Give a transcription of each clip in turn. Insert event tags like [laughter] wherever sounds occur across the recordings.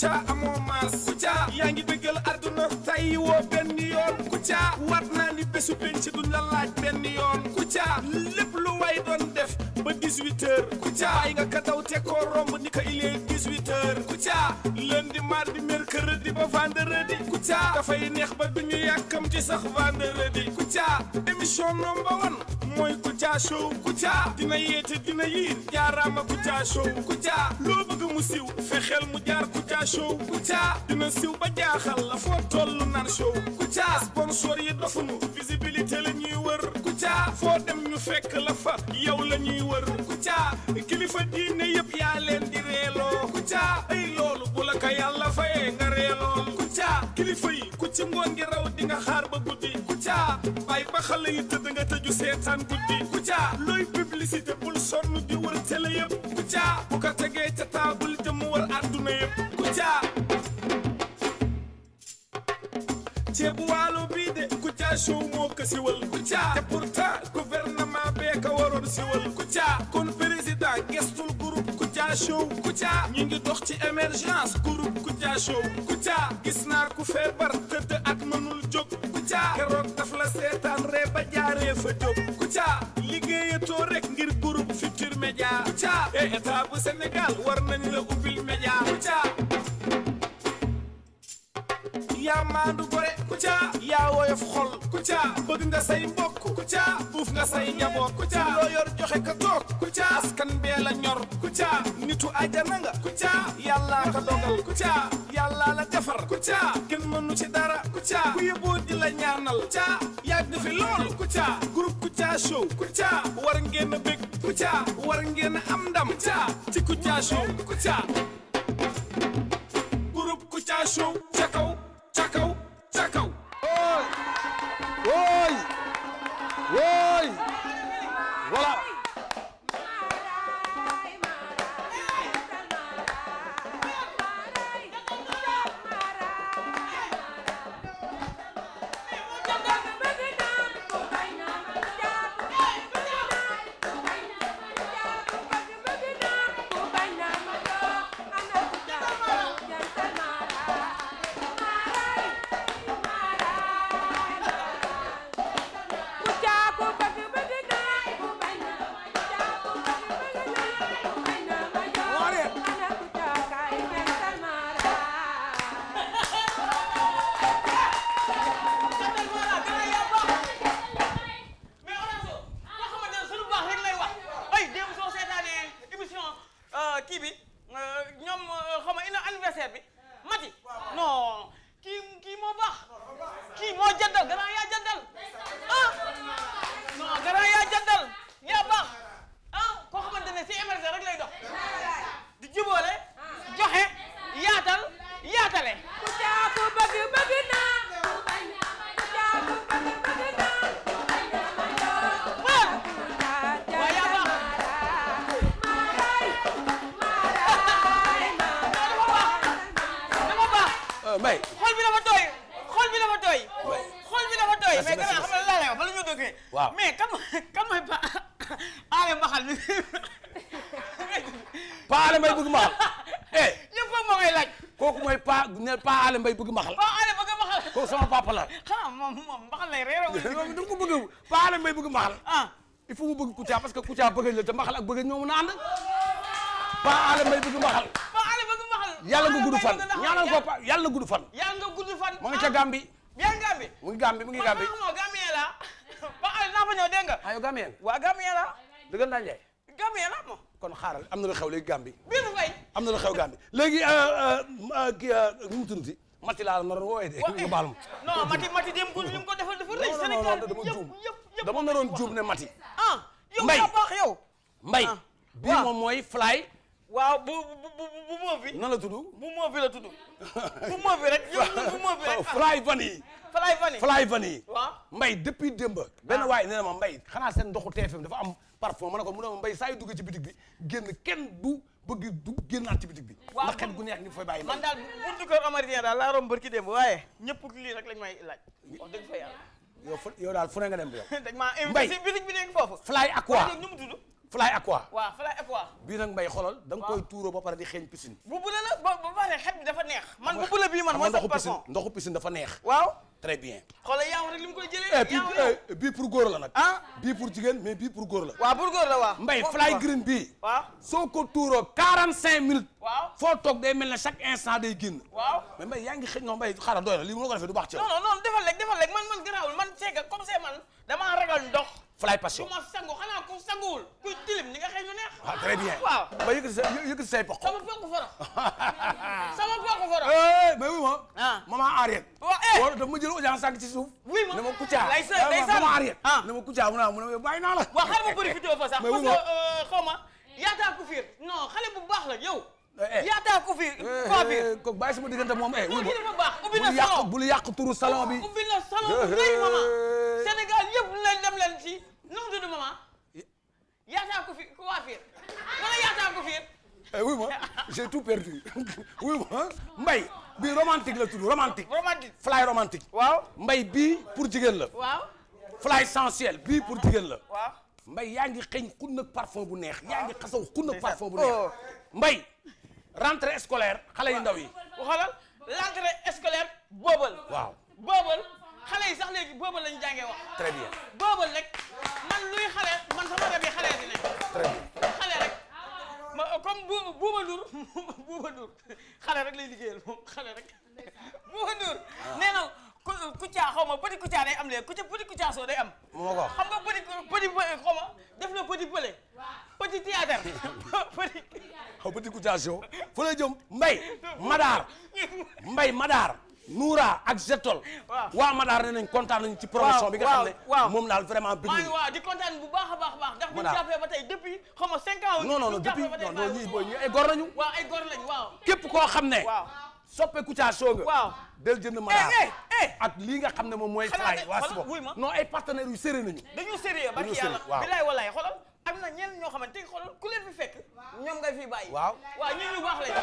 Kouthia amoo maas Kouthia yaa ngi bëggal àdduna tay woo benn yoon Kouthia war naa ni bésu penc duñ la laaj benn yoon Kouthia lépp lu way doon def ba 18 heures Kouthia ay nga ka daw te koo romb ni ko il est 18 heures Kouthia lundi mardi mercredi ba vendredi Kouthia dafay neex ba duñu yàkkam ci sax vendredi Kouthia émission nomba one mooy Kouthia Show Kouthia dina yeete dina yiir jaaraama Kouthia Show Kouthia loo bëgg mu siw fexeel mu jaar Kouthia Show Kouthia dina siw ba jaaxal la foo toll naan show Kouthia sponsor yi dofunu visibilité la ñuy wër Kouthia foo dem ñu fekk la fa yow la ñuy wër Kouthia kilifa diine yëpp yaa leen di reeloo Kouthia ay loolu bu la ko yàlla fayee nga reelool Kouthia kilifa yi ku ci ngoon gi raw di xaar ba guddi Kouthia bàyyi ba xale yi tëju seetaan guddi Kouthia looy publicité bul sonn di wër télé yëpp Kouthia bu ko tegee ca taabul jëm wër àdduna yëpp Kouthia ceebu waalo bii de Kouthia show moo ko siwal Kouthia te pourtant gouvernement bee ko waroon siwal Kouthia kon président gestul groupe Kouthia show Kouthia ñu ngi dox ci émergence groupe Kouthia show Kouthia gis naa ku feebar tëdd jaaree fa jóg Kouthia liggéeyatoo rek ngir groupe Futurs Médias Kouthia et eh, état bu Sénégal war nañ me ubbil média Kouthia yaa maandu gore Kouthia yaa woyof xol Kouthia bëgg nga say mbokk Kouthia buuf nga say njaboot Kouthia loo yor joxe ko Kouthia nitu àjjana nga Kouthia yàllaa ka dogal Kouthia yàllaa la defar Kouthia kenn mënu ci dara Kouthia ku yeboo di la ñaanal Kouthia yàgg fi loolu Kouthia groupe Kouthia show Kouthia war ngeen a bég Kouthia war ngeen a am ndam Kouthia ci Kouthia show Kouthia groupe Kouthia show ca kaw ca kaw ca kaw wooy wooy wooy Euh, kii bi euh, ñoom euh, xaw ma ina bi ah. mati non kii moo baax kii moo jëndal grand yaa jëndal ah yaa jëndal yaa baax ah koo xamante ne si émergence rek lay dox di jubóole ah. joxe yaatal mais gannaaw xam nga laa lay wax bala ñu dëggee. waaw mais Pa Alé Mbaxal bi. Pa Alé Mbaye bëgg Mbaxal. [laughs] eh ñëpp ma koy laaj. kooku mooy Pa ne Pa [laughs] ah, Alé lay réeré wu. [laughs] moom da Pa Alé Mbaye bëgg Mbaxal. ah mu bëgg Kouthia parce que Kouthia bëgg la te Mbaxal a ànd. Pa Alé Pa Alé bëgg Mbaxal. yàlla nga gudd fan fan. yàlla nga gudd fan. ma nga ca yaa ngi Gambie. mu ngi Gambie mu ngi Gambie man maa Gambien la [laughs] ba Aliou naa fa ñëw dégg nga. ah yow Gambien. waa Gambien la. dëgg la Ndiaye. kon xaaral am na lu xew léegi Gambie. biir fay. am na lu xew Gambie léegi euh, euh, euh, kii nu mu tudd Mati laa la de nga baal ma. non Mati Mati dem ko ñu ko defal dafa rëy. Sénégal yëpp yëpp dama naroon juum ne Mati. ah yow ah. bii moom mooy fly waaw bu bu bu bu moofi. nan la tudd. bu moofi la tudd. bu moofi rek bu moofi rek. [laughs] fly fan yi. fly fan yi fly fan yi. waaw Mbaye depuis démba benn ah. waay nee na ma Mbaye xanaa seen ndoxu TFM dafa am parfum ma ko mu ne mbay Mbaye saa yu duggee ci bitig bi génn kenn bu bëgg du génnaat ci bitig bi. waaw ndax xet gu neex ni fooy bàyyi. man daal buntu kër Amadien daal laa romb barki démb waaye ñëpp lii rek lañ may laaj. wax dëgg fa yàlla. yow fu yow daal fu ne nga dem yow. [laughs] dañ maa invité bitig bi nekk Fly Aqua Fly Aqua. waaw Fly Aqua. nag mbay xolal da koy tuuroo ba pare di xeeñ piscine. bu la ba ba pare xet bi dafa neex. man bu bu la bii man mooy sa dafa neex. waaw très bien. xoolal yaaw rek koy jëlee. Eh, eh, bii pour góor la nag. ah bii pour jigéen mais bi pour góor la. waaw pour góor la waaw. mbay Fly Green bii. waaw soo ko tuuroo 45 minutes. foo toog day mel ne chaque instant day génn. waaw mais mbay yaa ngi xëy non mbay xaaral doy na lii mënoo ko defee du baax ci. defal rek defal man man garaawul man c'est comme Fly Passion. du ma sangu kuy tilim ni nga xëy ñu ah, bien. ba yëkkati sa yëkkati say poq. sama poq forox. [laughs] sama poq forox. Eh, mais oui ma. ah maman Ariel. waaw eh. ci suuf. ne ma Kouthia. lay sa day sa maman Ariel. ah ne ma Kouthia mu ne ah mu naa la. waaw xale bu profité fa sax. mais oui ma parce que euh, xaw ma yaataa ku fiir. non xale bu baax la yow. Eh. yaa taa ku fi koo eh, fi. Eh, kooku bàyyi sama moom eh. wuy ma yàq bul yàq turu salon bi. ubbi na salon bu rëy maman. Sénégal yëpp lañ dem leen ci nu mu tudd maman. yaa ku fi ku waa wala yaa ku fiir. wuy ma j'ai tout perdu wuy ma mbay bii romantique la tudd romantique. romantique fly romantique. waaw mbay bii pour jigéen la. waaw fly sensuel bii pour jigéen la. waaw mbay yaa ngi xëñ xun nag parfum bu neex. yaa ngi xasaw xun nag parfum bu neex oh. mbay. rentrée scolaire xale yu ndaw yi. xoolal rentrée scolaire boobal. waaw boobal xale yi sax léegi boobal lañu jàngee wax. très bien boobal rek man luy xale man sama rab yi xale di nekk. très bien xale rek ma comme bu [laughs] rek lay liggéeyal moom xale rek buuba Ndour ah. nee Kouthia xaw ma petit Kouthia day am léegi Kouthia petit Kouthia soo day am. moo ko xam nga petit petit xaw ma def na petit pële. petit théâtre. [laughs] petit. xaw petit Kouthia soo fu la jëm Mbay Madaar Mbay Madaar. Noura ak Zetol. waaw waa Madaar nee nañ kontaan nañ ci promotion bi nga xam ne moom daal vraiment bëgg nañu. di kontaan bu baax a baax a baax. ndax bu ñu jàppee ba tey depuis xaw ma cinq ans. non non non depuis non non ñii ay gor lañu. waaw ay gor lañu waaw. képp koo xam ne. waaw. soppe Kouthia Show nga. waaw del jënd maraas. Eh, eh, eh. ak lii nga xam ne moom mooy. fly waa si bopp non ay partenaires yu sérieux nañu. dañu sérieux barki yàlla bilaay walaay xolal am na ñenn ñoo xamante ni xolal ku leen fi fekk. ñoom nga fi bàyyi. waaw waaw ñun ñu baax lañ.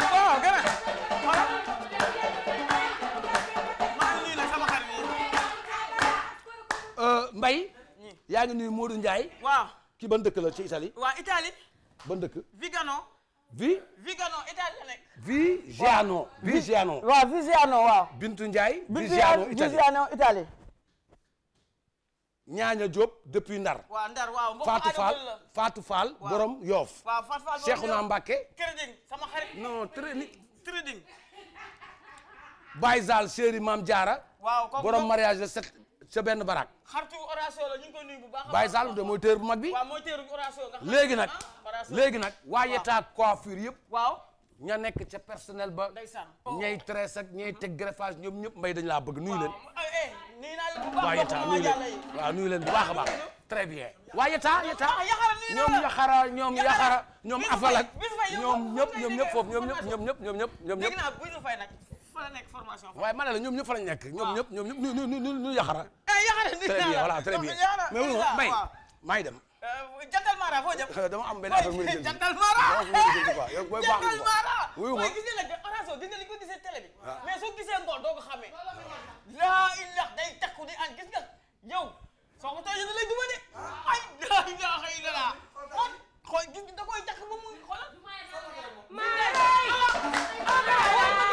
bon oh, gën a xolal. maa ngi euh, yaa ngi nuyu Modou Ndiaye. waaw ban dëkk la ci Italie. waa Italie. ban dëkk. Vigano. vi Vigano Italie la nekk. Vigiano. Vigiano waaw Vigiano waaw. Italie Vigiano Italie. Ñaaña depuis Ndar. waaw Ndar borom Yoff. waaw Fatou Fall borom Yoff Cheikhouna Mbacké. borom mariage le sept. ca benn baraak. xaritu Oration la ñu ngi koy nuyu bu baax. Baye Sall de mooy teer bu mag bi. waaw nag léegi nag. waa Yeta coiffure yëpp. waaw ña nekk ca personnel ba. ndeysaan ñay tresse ak ñay teg greffage ñoom ñëpp mbay dañu laa bëgg nuyu leen. waa Yeta nuyu leen waaw nuyu leen bu baax a baax. très bien waa Yeta Yeta ñoom yaxara ñoom yaxara ñoom afalak ñoom ñëpp ñoom ñëpp foofu ñoom ñëpp ñoom ñëpp ñoom ñëpp ñoom ñëpp. waaye ma ne la ñoom ñëpp fa la nekk ñoom ñëpp ñoom ñëpp ñu ñu ñu yaxara très bien voilà très bien mais may may dem. Euh, jantal Mara foo jëm. Euh, dama am benn affaire muy jënd [laughs] jantal Mara. yow booy baax jantal Mara. wuyu ma gis nga orange dina li ko gisee télé bi. Ah. mais soo gisee ngoon doo ko xamee. laa illah day takku di ànd gis nga yow. soo ko tooyee da lay duma de. Ah. ay laa ilaha illallah. xool gis da koy takk ba mu xoolal. Mara. Ah,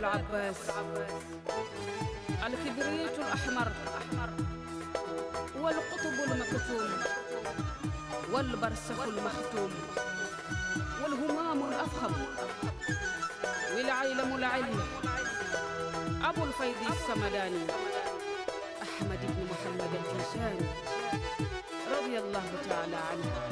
العباس الكبريت الأحمر والقطب المكتوم والبرسخ المختوم والهمام الأفخم والعيلم العلم أبو الفيض السمداني أحمد بن محمد الكيشاني رضي الله تعالى عنه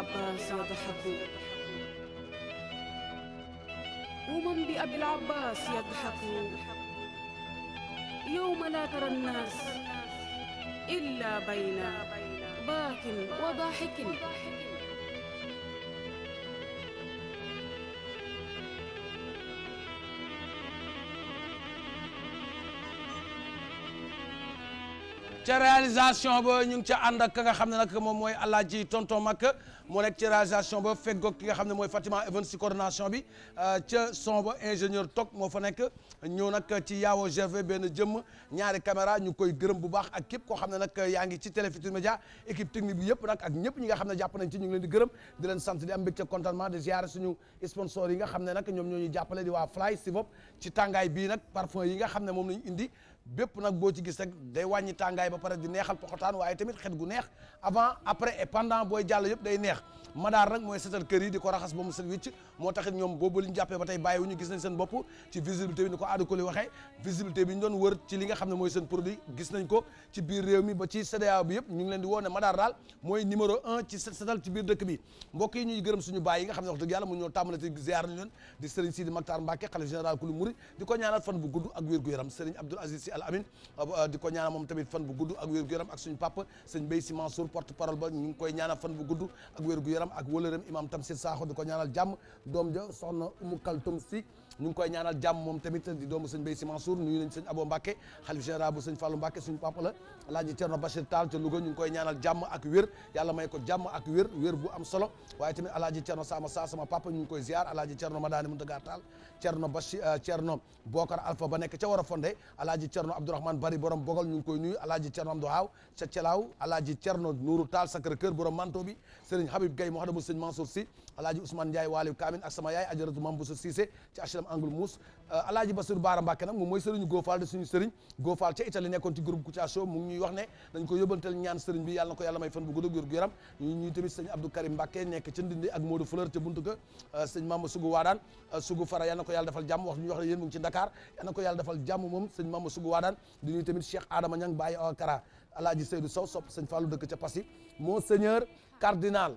العباس يضحك ومن بأبي العباس يضحك يوم لا ترى الناس إلا بين باك وضاحك ca réalisation ba ñu ngi ca ànd ak ka nga xam ne nag moom mooy Alaaji Tonton Mak moo nek ci réalisation ba feggoog ki nga xam ne mooy Fatima Evans ci coordination bi euh, ca son ba ingénieur toog moo fa nekk ñëw nag ci yaawo GV benn jëmm ñaari caméra ñu koy gërëm bu baax ak képp koo xam ne nag yaa ngi ci Télé Futurs Médias équipe technique bi yëpp nag nga xam ne jàpp nañ ñu ngi leen di gërëm di leen sant di am mbégte yi nga xam ne nag ñoo ñu jàppale di waa Fly Sivop bii nag parfum yi nga xam ne moom lañu indi bépp nag boo ci gis rek day wàññi tàngaay ba pare di neexal poxotaan waaye tamit xet gu neex avant après et pendant booy jàll yëpp day neex madaar nag mooy setal kër di ko raxas ba set wicc moo taxit ñoom boobu li ñu jàppee ba tey bàyyiwuñu gis nañ seen bopp ci ne mooy seen produit biir réew mi ba ci CEDEAO bi yëpp ñu ngi leen di woo ne madaar daal mooy numéro un ci setal ci biir dëkk bi mbokk yi gërëm suñu baay yi nga xam ne wax dëgg mu ñoo tàmmalati ziar ñu leen di Serigne di al amin euh, di ko ñaanal moom tamit fan bu gudd ak wér gu yaram ak suñu papa sëñ Mbaye Sy Mansour porte parole ba ñu ngi koy ñaana fan bu gudd ak wér gu yaram ak wëlëram imam Tamsir saako di ko ñaanal jàmm doom ja soxna Umu Kaltum Si ñu ngi koy ñaanal jàmm moom tamit di doomu sëñ Bay Si Mansour nuyu nañ sëñ Abo Mbacke xalif général bu sëñ Fallou Mbacke suñu papa la Cerno Bachir ñu ngi koy ñaanal jàmm ak wér yàlla may ko jàmm bu am solo waaye tamit Alaaji Cerno Sama Sa sama papa ñu ngi koy ziar Alaaji Cerno Madani Muntaga Tall Cerno Bachir Cerno euh, Bokar Alpha ba nekk ca war a fondé Alaaji Cerno Abdourahmane Bari borom Bogal ñu ngi koy nuyu Alaaji Cerno Amdo Haaw Celaaw Alaaji Cerno Nourou Tall Sacré Cœur borom manto bi Serigne Habib Gaye Mouhadamou sëñ Mansour si alaaji Ousmane Ndiaye waaliw Kaamin ak sama yaay ajaratu mam Bousso Cissé ci HLM Angle Mousse euh, alaaji Bassirou Baara Mbàkke nag moom mooy sëriñu Gofal de suñu sëriñ Gofal ca Italie nekkoon ci groupe Kouthia Show mu ngi sëriñ bi yàlla di ñuy tamit Cheikh Adama Niang dëkk ca Passy monseigneur cardinal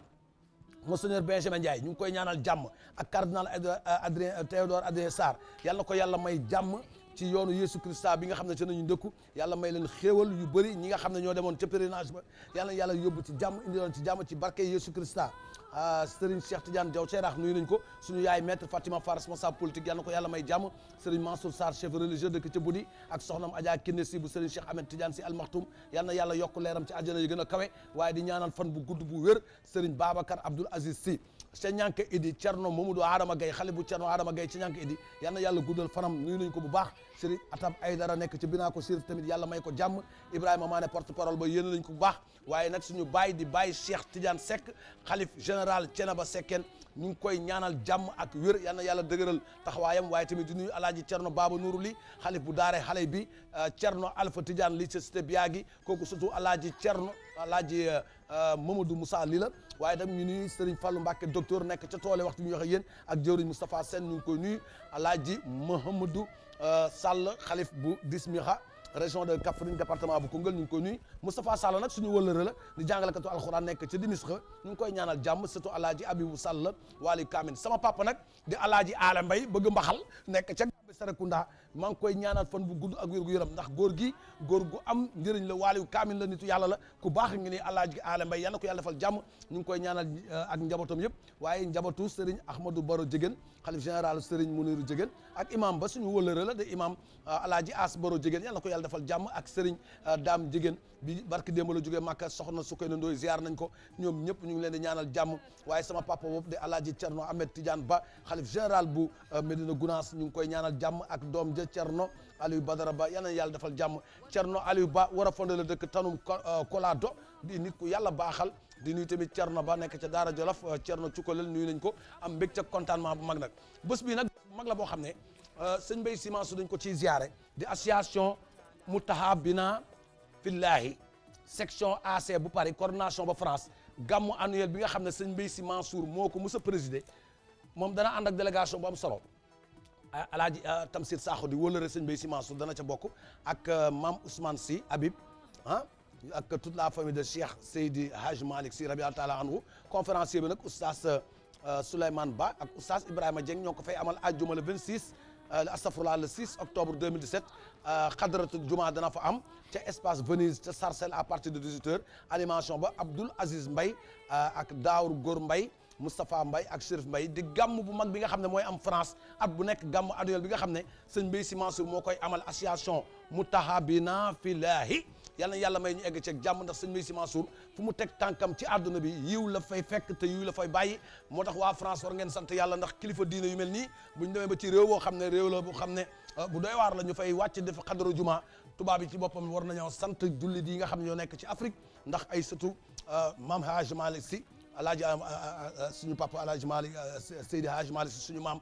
monseigneur Benjamin Ndiaye ñu ngi koy ñaanal jàmm a cardinal Adrien euh, euh, Théodore Adrien Sarr yàlla ko yàlla may jàmm ci yoonu Yesu Christa bi nga xam ne ci nañu dëkku yàlla may leen xéewal yu bëri ñi nga xam ne ñoo demoon ca pèlerinage ba yàlla yàlla yóbbu ci jàmm indi ci jàmm ci barke Yesu Christa Ah, Serigne Cheikh Tidiane Diaw Cheikh nuyu nañ ko suñu yaay maître Fatima Fall responsable politique yal na ko yàlla may jàmm Serigne Mansour Sarr chef religieux dëkk ca Budi ak soxnam Adja Kiné si bu Serigne Cheikh Ahmed Tidiane si almakhtum yal na yàlla yokk leeram ci àjjana yu gën a kawe waaye di ñaanal fan bu gudd bu wér Serigne Babacar Abdoul Aziz si ca ñànk idi Cerno Mamadou Adama gay xale bu Cerno Adama Gaye ca ñànk idi yal na yàlla guddal fanam ko bu baax Serigne Atab Aydara nekk ci binaa ko tamit yàlla may ko jàmm Ibrahima Mané porte parole ba yéene nañ ko baax waaye nag suñu baay di baay Cheikh Tidiane Seck xalif général Thiénaba Seckeen ñu ngi koy ñaanal jàmm ak wér yal yàlla dëgëral taxawaayam waaye tamit di nuyu alaaji Cerno Baba Nuuru li xalif bu daare xale bi Cerno euh, Alpha Tidiane li ca cité Biagi kooku surtout alaaji Cerno Alaaji euh, euh, Mamadou Moussa Li la waaye tam ñu nuyu Serigne Fallou Mbacke docteur nekk ca tool yi waxtu bi ñu wax ak yéen ak jëwriñ Moustapha Sène ñu ngi koy nuyu Alaaji Mahamadou euh, Sall xalif bu Dismiha région de Kaffrine departement bu Koungheul ñu ngi koy nuyu Moustapha Sall nag suñu wëllëre la di jàngalekatu alxuraan nekk ca Dimisra ñu ngi koy ñaanal jàmm surtout Alaaji Abibou Sall Waly Kamin sama papa nag di Alaaji Ala Mbay bëgg mbaxal nekk ca Gambi Serekunda maa ngi koy ñaanal fan bu gudd ak wér gu yaram ndax góor gi góor gu am njëriñ la waaliyu kaamil la nitu yàlla ku baax ngi ni alaaji aale mbay yàlla ko yàlla defal jàmm ñu ngi koy ñaanal uh, ak njabootam yëpp waaye njabootu Serigne Ahmadou Baro Jégéen xalif général Serigne Muniru jegen ak imam ba suñu wëlëre la de imam uh, alaaji As Baro Jégéen yàlla ko yàlla defal jàmm ak Serigne uh, daam Jégéen bi barki démb la jógee Màkka soxna Sukayna Ndoy nañ ko ñoom ñëpp ñu ngi leen di ñaanal jàmm waaye sama papa boobu di Alaaji Cerno Ahmed Tidiane Ba xalif général bu euh, Médina Gounass ñu ngi koy ñaanal jàmm ak doom ja Cerno Aliou Badara Ba yal na yàlla defal jàmm Cerno Aliou Ba war a fonde la dëkk tanum euh, Kolado di nit ku yàlla baaxal di nuyu tamit Cerno Ba nekk ca Daara Jolof euh, Cerno Cukalel nuyu nañ ko am mbég ca contentement bu mag nag bés bi nag mag la boo xam ne sëñ Mbaye Simanso dañ ko ciy ziare di association Moutahabina billaahi section AC bu Paris coordination ba France gàmmu annuel bi nga xam ne sëñ Mbaye Sy Mansour moo ko mës a présider moom dana ànd ak délégation bu am solo ah, alaaji ah, Tamsir Sakho di wóolare sëñ Mbaye Sy Mansour dana ca bokk ak ah, maam Ousmane Sy Habib ah ak toute la famille de Cheikh Seydi Hadj Malick Sy rabiallahu taala anhu conférencier bi nag oustaz Souleymane Ba ak oustaz Ibrahima Dieng ñoo ko fay amal àjjuma le 26 astafurlah le 6 octobre 2017 xadratu juma dana fa am ca espace Venise ca Sarcelles à partie de 18h animation ba Abdoul Aziz Mbaye euh, ak Daawur Góor Mbaye Moustapha Mbaye ak Chérif Mbaye di gàmm bu mag bi nga xam ne mooy am France ak bu nekk gàmm annuel bi nga xam ne sëñ Mbaye Sy moo koy amal association Moutahabina Fillahi yal na yàlla may ñu egg ceeg jàmm ndax sëñ Mbaye Sy Mansour fu mu teg tànkam ci àdduna bi yiw la fay fekk te yiw la fay bàyyi moo tax waa France war ngeen sant yàlla ndax kilifa diine yu mel nii bu ñu ba ci réew boo xam ne réew la xam ne euh, bu waar la ñu fay wàcc def xadara juma tubaab yi ci boppam war nañoo sant jullit yi nga xam ñoo nekk ci Afrique ndax ay sëtu euh, maam Hadj Malick si alaaji euh, euh, suñu papa alaaji Malick Seydi Hadj Malick si suñu maam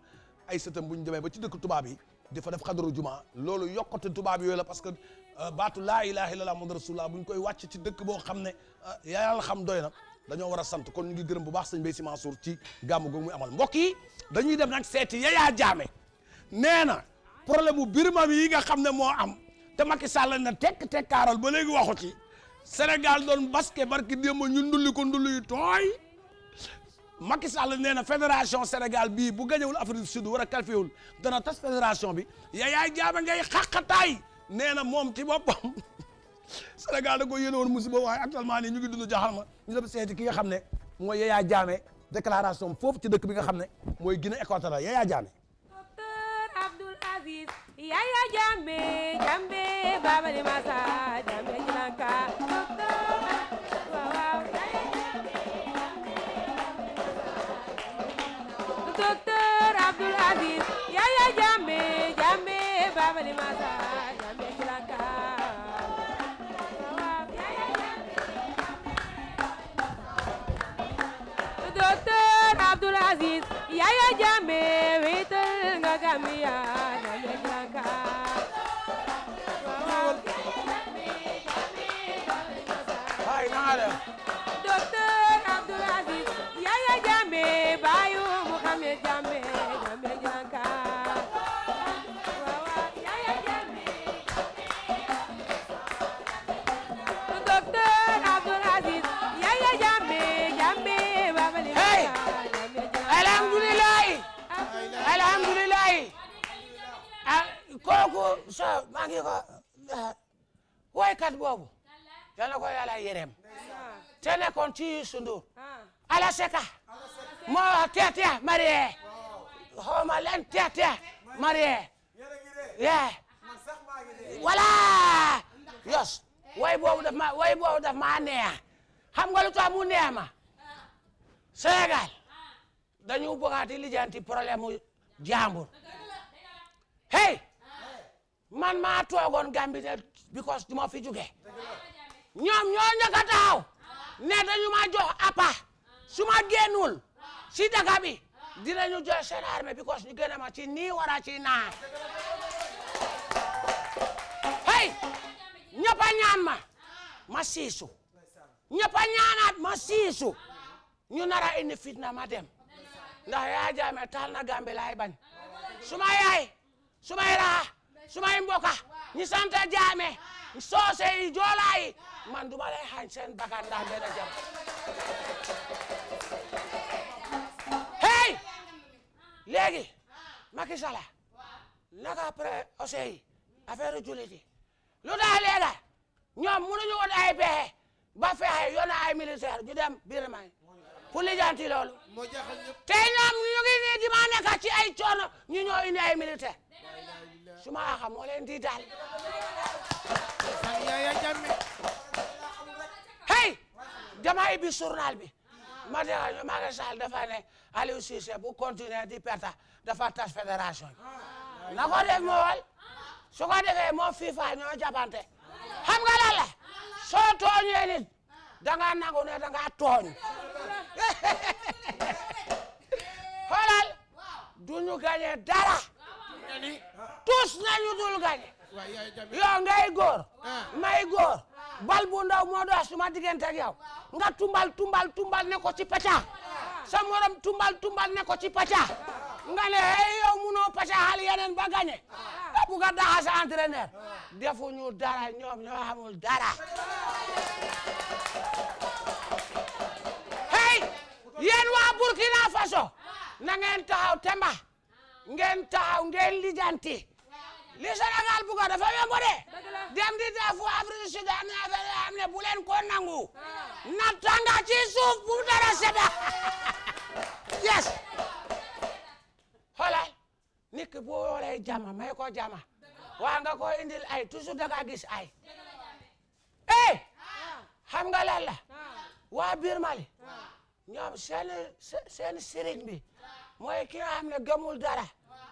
ay sëtam bu ñu demee ba ci dëkk tubaab yi di fa def xadaru juma loolu yokkute tubaab yooyu la parce que baatu laa ilaha illallah muhammad rasulullah bu ñu koy wàcc ci dëkk boo xam ne yàlla xam doy na dañoo war a sant kon ñu ngi gërëm bu baax sëñ Bay Si Mansour ci gàmmu googu muy amal mbokk yi dañuy dem nag seeti Yaya Jammeh nee na problème bu yi nga xam ne moo am te Macky Sall na tekk tekkaaral ba léegi waxu ci Sénégal doon basket barki démb ñu ndulli ko ndulli tooy Macky Sall nee na fédération Sénégal bii bu gañewul Afrique du Sud war a qualifiéwul dana tas fédération bi yaay jaame ngay xaqataay nee na moom ci boppam [laughs] Sénégal da ko yéene woon musiba waaye actuellement ni ñu ngi dund jaxal ma ñu dem seeti ki nga xam ne mooy yaay jaame déclaration foofu ci dëkk bi nga xam ne mooy Guinée équatoriale yaay jaame. docteur jaame. babali masa jambe jilanka waaw docteur Abdoul Aziz yaya jambe jambe babali masa jambe jilanka waaw yaya jambe docteur Abdoul Aziz yaya jambe wital nga Gambia docteur Abdoul Aziz Yaya Jammeh baayu Mouhamed Jammeh Jammeh Dianka kooku so maa ngi ko eh, wooykat boobu yal na ko yàlla te nekkoon ci Youssou ah. alaseka moo tete marié xawma leen tete marié ye voilà yos way boobu daf ma way boobu daf ma neex xam nga lu tax mu neex ma Sénégal ah. dañu bëggaati lijanti problème mu jàmbur hey ah. man maa toogoon Gambie ne because du ma fi jóge ñoom ñoo njëkk a taxaw ne dañu ma jox appa su ma génnul si daga bi dinañu jël seen armée because ñu génne ma ci nii wara ci naa hey ñëpp a ñaan ma ma siisu ñëpp a ma siisu ñu nara indi fitna ma dem ndax yaa jaame taal na gambe laay bañ suma yaay sumay raa sumay mboka ñi santa jaame soose yi joola yi man duma lay xañ seen jam hey léegi Macky Sall naka après ose yi affaire jullit yi lu tax léegi ñoom mënuñu woon ay pexe ba fexe yoon ay militaire ñu dem Birma pour lijjanti loolu te ñoom ñu ngi nii di ma ci ay coono ñu ñoo indi ay militaire su ma xam moo leen di daal hey dama ibi journal bi ma ne ma Macky Sall dafa ne Aliou Cissé bu continuer di perte dafa tas fédération na ko def mu wal su ko defee moom FIFA ñoo jàppante xam nga lan soo tooñee nit da nga nangu ne da nga tooñ [laughs] xoolal duñu gagné dara tous nañu dul gagné yow ngay góor ah. may góor bal bu ndaw moo dox suma diggante nga tumbal tumbal tumbal ne ko ci pata sa morom tumbal tumbal ne ko ci pata nga ne hey yow munoo pata xal yeneen ba gañe nga bugg a daxa sa entraîneur dara ñoom ñoo dara hey yéen waa Burkina Faso na ngeen taxaw temba ngeen taxaw ngeen lijanti li Sénégal bu ko dafa yomb de dem di def fu Afrique Sud am na affaire yoo ne bu leen nangu ah. na tànga ci suuf dara sedda yes xoolal nit ki jama may ko jama waa nga ko indil ay toujours da gis ay eh xam nga lan ah. waa biir Mali ah. ñoom seen bi mooy ki nga ne gëmul dara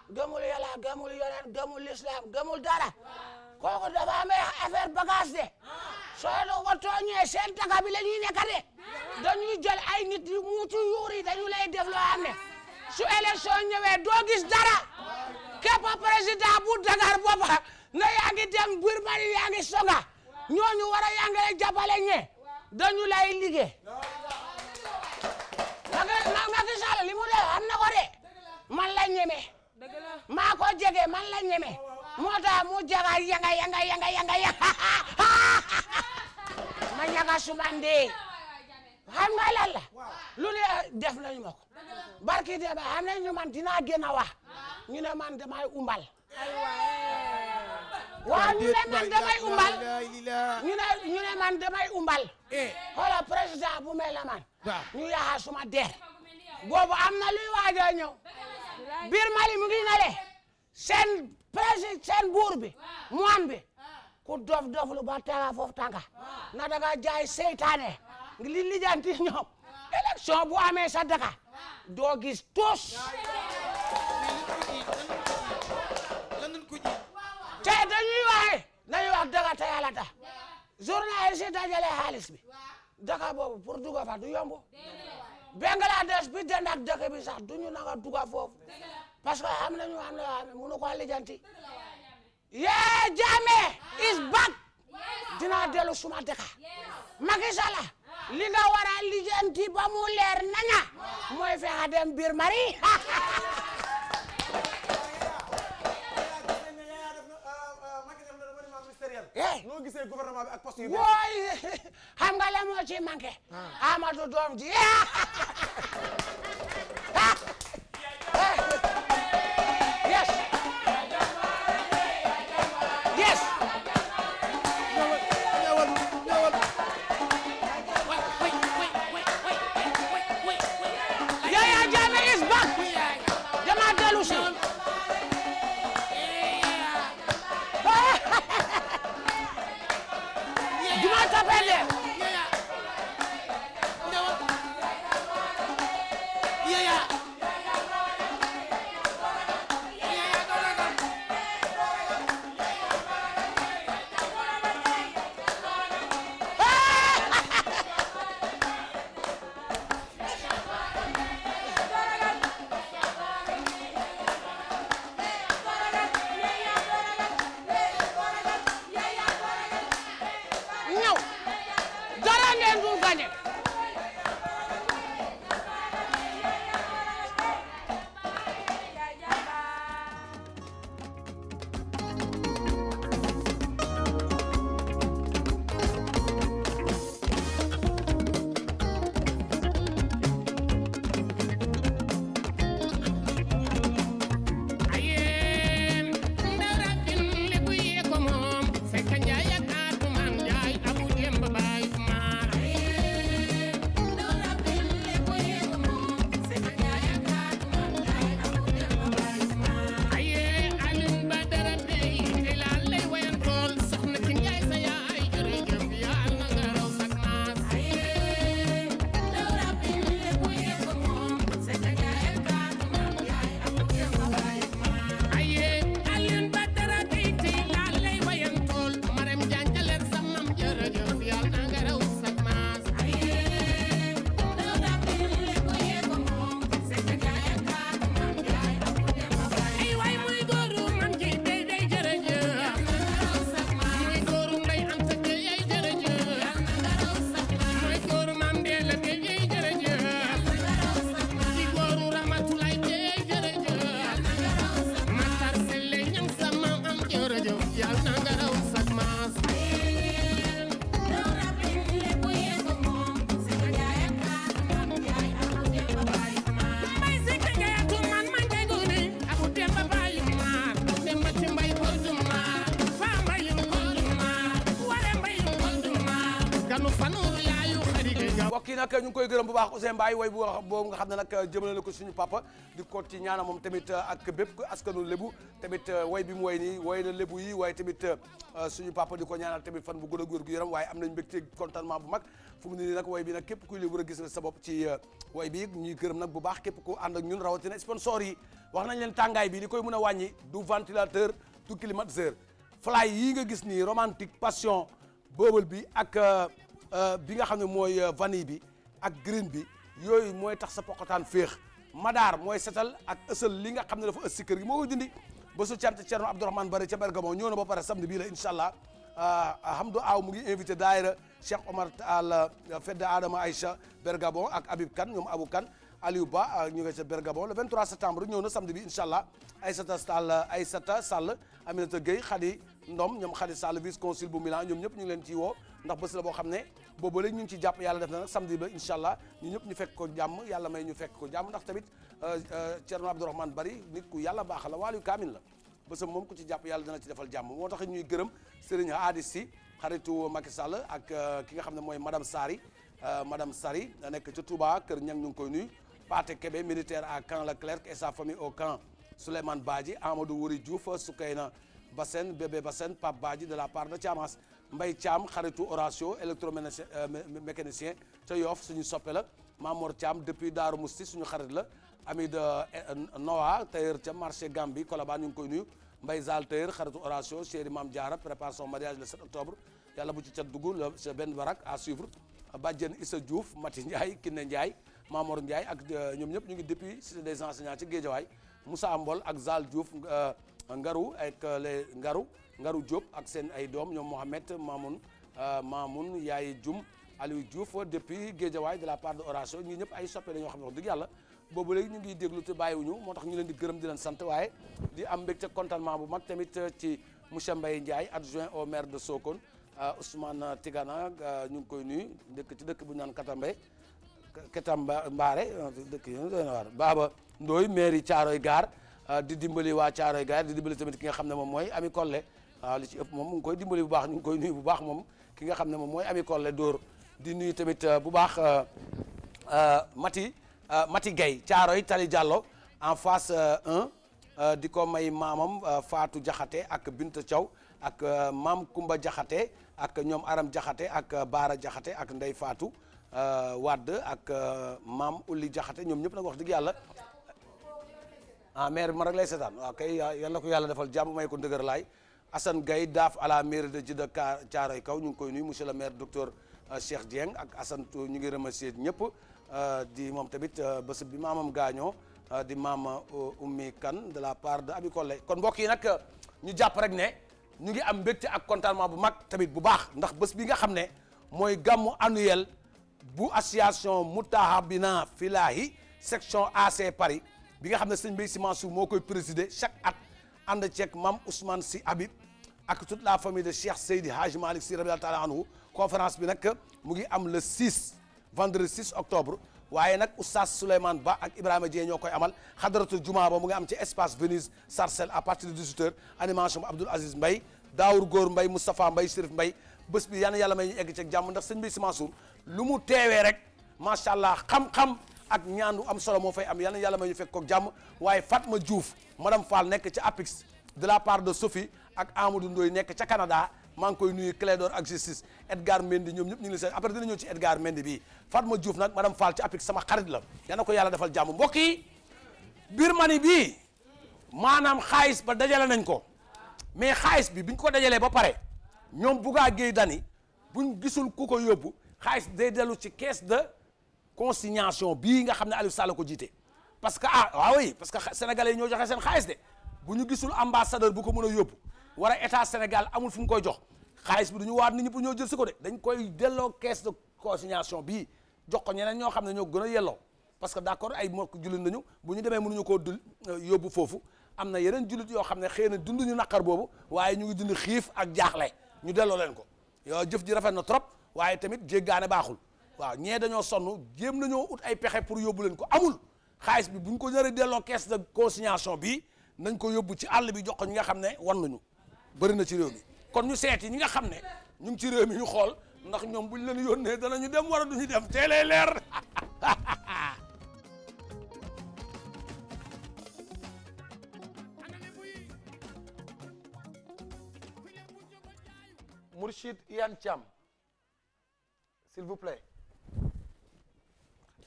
gëmul yàlla gëmul yonent gëmul lislaam gëmul dara kooku dafa amee affaire bagage de soo do watoo ñëwee seen taka bi la ñuy nekk de dañuy jël ay nit yu muutu yuuri dañu lay def loo xam ne su élection ñëwee doo dara képp président bu Dakar boppa na yaa ngi dem Birmanie yaa ngi soga ñooñu war a yaa ngi lay jàppale lay liggéey nag nag Macky Sall li ko de man la ñeme maa ko jege man la ñeme moo tax mu jaga yanga yanga yanga yanga [laughs] ma ñaga suma ndee xam nga lu ne def nañu ma barki de ba ñu man dinaa gën a wax ñu ne man damay umbal waaw ñu ne man damay umbal ñu ne man damay umbal xoolal président bu mel la man ñu yaxa suma der boobu am na luy waaja ñëw biir Mali mu ngi nale seen président seen buur bi moom bi ku dof dof lu ba tanga foofu tanga na daga jaay seytaane ngi li lijanti ñoom élection bu amee sa daga doo gis tos te dañuy waxe dañuy wax daga te yàlla tax journaliste dajale xaalis bi daga boobu pour dugg fa du yomb Bangladesh bi dend ak dëkk bi sax duñu nanga foofu parce que am nañu am na am mënu ko lijanti yee Jammeh is back dinaa dellu suma dëkka Macky Sall li nga war a lijanti ba mu leer naña mooy fexe dem biir mari [laughs] noo gisee gouvernement bi wooy [laughs] xam nga la moo ci manqué. Ah. Amadou doom [laughs] kii nag ñu ngi koy gërëm bu baax Ousseyn Mbaye way bu boobu nga xam ne nag jëmale na way bi mu way nii way na lébu yi waaye tamit euh, suñu papa di ko ñaanal tamit fan bu gën a góor gu yaram waaye am nañ mbégte contentement bu mag fu mu ne nii nag way bi nag képp kuy lébu rek gis na sa bopp ci euh, way bi ñuy gërëm nag bu baax képp ku ànd ak ñun rawatina sponsor yi wax nañ leen tàngaay bi li koy mën a wàññi du ventilateur du climatiseur fly yii nga gis nii romantique passion boobal bi ak euh, Euh, bi nga xam ne mooy euh, vanille bi ak green bi yooy mooy tax sa poqataan féex madaar mooy setal ak ësal li nga xam ne dafa ës si kër gi moo koy dindi ba su cant Cerno Abdourahmane Bari ca Bergamo ñëw na ba pare samedi bii la incha allah euh, Hamdou Aw mu ngi invité daayira Cheikh Omar Tall Fedda Adama Aïcha Bergamo ak Habib Kane ñoom Abou Kane Aliou Ba ñu ngi ca Bergamo le 23 septembre ñëw na samedi bi incha allah Aïssata Sall Aïssata Sall Aminata Gueye ndom ñoom Khady saal vice consul bu Milan ñoom ñëpp ñu leen ciy woo ndax bés la boo xam ne boobu léegi ñu ngi ci jàpp yàlla def na nag samedi ba incha allah ñu ñëpp ñu fekk ko jàmm yàlla may ñu fekk ko jàmm ndax tamit euh, euh, Thierno Abdourahmane Bari nit ku yàlla baax la waaliyu kaamin la bésam moom ku ci jàpp yàlla dana ci defal jàmm moo tax ñuy gërëm Serigne Hadi si xaritu Macky Sall ak euh, ki nga xam ne mooy madame Sari madame Sari nekk ci tubaa kër ñang ñu ngi koy nuyu Pathé Kébé militaire à Camp Leclerc et sa famille au camp Souleymane Badji Amadou Wuri Diouf Soukeyna Bassène bébé Bassène Pape Badji de la part de Thiamas Mbaye Thiam xaritu Horatio électromécanicien euh, ca Yoff suñu soppe la Mamor Thiam depuis daar Daaru Musti suñu xarit la ami de euh, Noa tailleur ca marché Gambie Colobane ñu ngi koy nuyu Mbaye Zal tailleur xaritu Horatio chéri Mame Diarra prépare son mariage le octobre yàlla bu ci ca duggu le benn barak à suivre Badiane Issa Diouf Mati Ndiaye Kiné Ndiaye Mamor Ndiaye ak euh, ñoom ñëpp ñu ngi depuis cité des enseignants ci Guédiawaye Moussa Mbol ak Zal Diouf Ngaru ak euh, les Ngaru Ngaru Diop ak seen ay doom ñoom Mohamed Mamoun euh, Mamoun Yaay Dioum Aliou Diouf depuis waay de la part de Horatio ñi ñëpp ay soppe la ñoo xam ne wax dëgg yàlla boobu léegi ñu ngi déglu te ñu moo tax ñu leen di gërëm di leen sant waaye di am mbégte contentement bu mag tamit euh, ci monsieur Mbaye Ndiaye adjoint au maire de Sokone Ousmane Tigana ñu ngi koy nuyu dëkk ci dëkk bu ñu naan Katambay Katamba Mbaare dëkk yi doy na waar Baba Ndoye maire Ah, di dimbali waa Caaroy Gaar di dimbali tamit ki nga xam ne moom mooy Ami Collé ah, li ci ëpp moom mu ngi koy dimbali bu baax ñu koy nuyu bu baax moom ki nga xam ne moom mooy Ami di nuyu tamit ah, bu baax Mati gay Gueye Caaroy Tali Diallo en face 1 di ko may maamam faatu jaxate ak bint Thiaw ak maam Kumba jaxate ak ñoom Aram Diakhaté ak Baara jaxate ak Ndey Fatou Wadd ak maam Ulli jaxate ñoom ñëpp nag wax dëgg yàlla ah maire bi man rek lay seetaan waaw kay yal ko yàlla defal jàmm may ko ndëgër laay Assane Gaye daaf à la de Djidda Thiaroye Kaw ñu ngi koy nuyu monsieur le maire docteur euh, Cheikh Dieng ak Assane euh, ñu ngi remercier ñëpp euh, di moom tamit bés bi maamam gaañoo di maam Oumy kan de la part de Abi Collé kon mbokk yi nag ñu jàpp rek ne ñu ngi am mbégte ak contanement bu mag tamit bu baax ndax bés bi nga xam ne mooy gàmmu annuel bu association Moutahabina Filahi section AC Paris bi nga xam ne sëñ Mbaye Sy Mansour moo koy présider chaque at ànd ceeg mam Ousmane Sy Habib ak toute la famille de Cheikh Seydi Hadj Malick Sy radiyallahu taala anhu bi nag mu ngi am le 6 vendredi 6 octobre waaye nag oustaz Souleymane Ba ak Ibrahima Dieng ñoo koy amal xadaratu juma ba mu ngi am ci espace Venise Sarcelles à partir de 18 animation bu Abdoul Aziz Mbaye Daawur Góor Mbaye Moustapha Mbaye Chérif Mbaye bés bi yal na yàlla may egg ci jàmm ndax sëñ Mbaye Sy Mansour lu mu teewee rek macha allah xam ak ñaan bu am solo moo fay am yal na yàlla may ñu fekk ko jàmm waaye Fatma Diouf madame Fall nekk ca APIX de la part de Sophie ak Amadou Ndoye nekk ca Canada maa ngi koy nuyu Clédor ak gistis Edgar Mendy ñoom ñëpp ñu ngi leen après dina ñëw ci Edgar Mendy bii Fatma Diouf nag madame Fall ci APIX sama xarit la yal na ko yàlla defal jàmm mbokk yi Birmanie bii maanaam xaalis ba dajale nañ ko mais xaalis bi biñ ko dajalee ba pare ñoom Bouga Gueye Dany buñ gisul ku ko yóbbu xaalis day dellu ci caisse de. consignation bii nga xam ne Aliou Sall ko jiite parce que ah waaw oui parce que sénégal yi ñoo joxe seen xaalis de bu ñu gisul ambassadeur bu ko mën a yóbbu war a état Sénégal amul fu mu koy jox xaalis bi du ñu waat nit ñi ñoo jël si ko de dañ koy delloo caisse de consignation bii jox ko ñeneen ñoo xam ne ñoo gën a yelloo parce que d'accord ay mbokk jullit nañu bu ñu demee mënuñu koo dul euh, yóbbu foofu am na yeneen jullit yoo xam ne xëy na dunduñu naqar boobu waaye ñu ngi dund xiif ak jaaxle ñu delloo leen ko yow jëf ji rafet na trop waaye tamit jéggaane baaxul waaw ñee dañoo sonn jéem nañoo ut ay pexe pour yóbbu leen ko amul xaalis bi buñ ko naree delloo caisse de consignation bi nañ ko yóbbu ci àll bi jox ko ñi nga xam ne war nañu bari na ci réew mi kon ñu seeti ñi nga xam ne ñu ngi ci réew mi ñu xool ndax ñoom buñ leen yónnee danañu dem wala duñu dem teelee leer. Mourchid Iyane Thiam s'il vous plaît.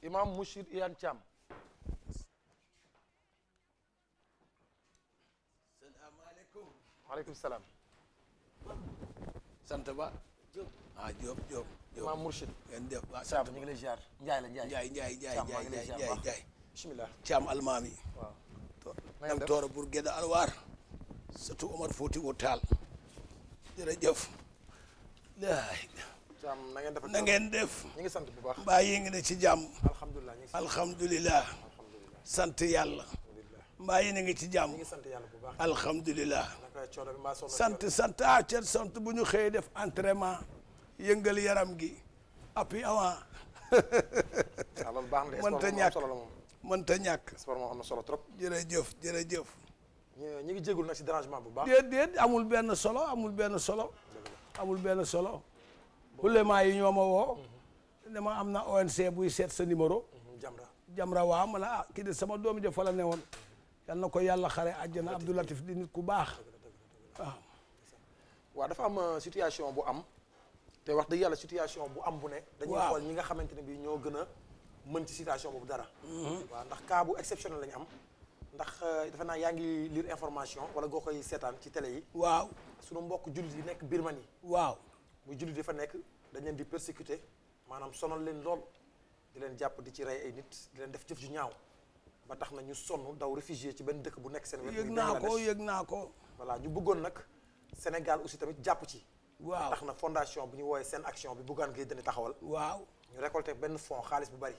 imam Mourchid Iyane Thiam salaam sant ba ah Diop Diop imam ñu ngi lay ziar Ndiaye la Ndiaye Ndiaye Ndiaye Ndiaye Ndiaye almaami waaw nam toora pour géda alwaar surtout Omar Fouti wu Taal jërëjëf def ñu ngi sant bu baax ne ci jàmm alhamdulilah sant yàlla mbaa yi a ngi ci jàmm alhamdulilah sant sant ah ca sant bu ñu xëyee def entraînement yëngal yaram gi appui avant ah, mënta ñàkk mënta ñàkk sport moo am na solo trop jërëjëf jërëjëf ñu ngi jégul nag si dérangement bu baax déet déet amul benn solo amul benn solo amul benn solo ulemaa yi ñoo ma mhm. am na ONC buy seet sa numéro jamra waaw ma ne ah, kii de sama doom ja fa la ne woon yal na ko yàlla xare àjjana Abdou Latif di nit ku baax waaw waaw dafa am euh, situation bu am te wax dëgg yàlla situation bu am bu ne dañuy xool ñi nga xamante ne bi ñoo gën a mën ci situation boobu dara mm-hmm. waaw ndax kaabu bu exceptionnel lañu am ndax euh, defe naa yaa ngi liir information wala goo koy seetaan ci télé yi waaw sunu mbokk jullit yi nekk Birmanie waaw muy jullit yi fa nekk dañ leen di persécuter maanaam sonal leen lool di leen jàpp di ci rey ay nit leen def jëf ju ñaaw ba tax na ñu sonn daw réfugié ci benn dëkk bu nekk seen wet yëg naa ko yëg naa ko voilà ñu bëggoon nag Sénégal aussi tamit jàpp ci waaw tax na fondation bu ñu woowee seen action bi Bougane Gueye Dany taxawal waaw ñu récolté benn fonds xaalis bu bari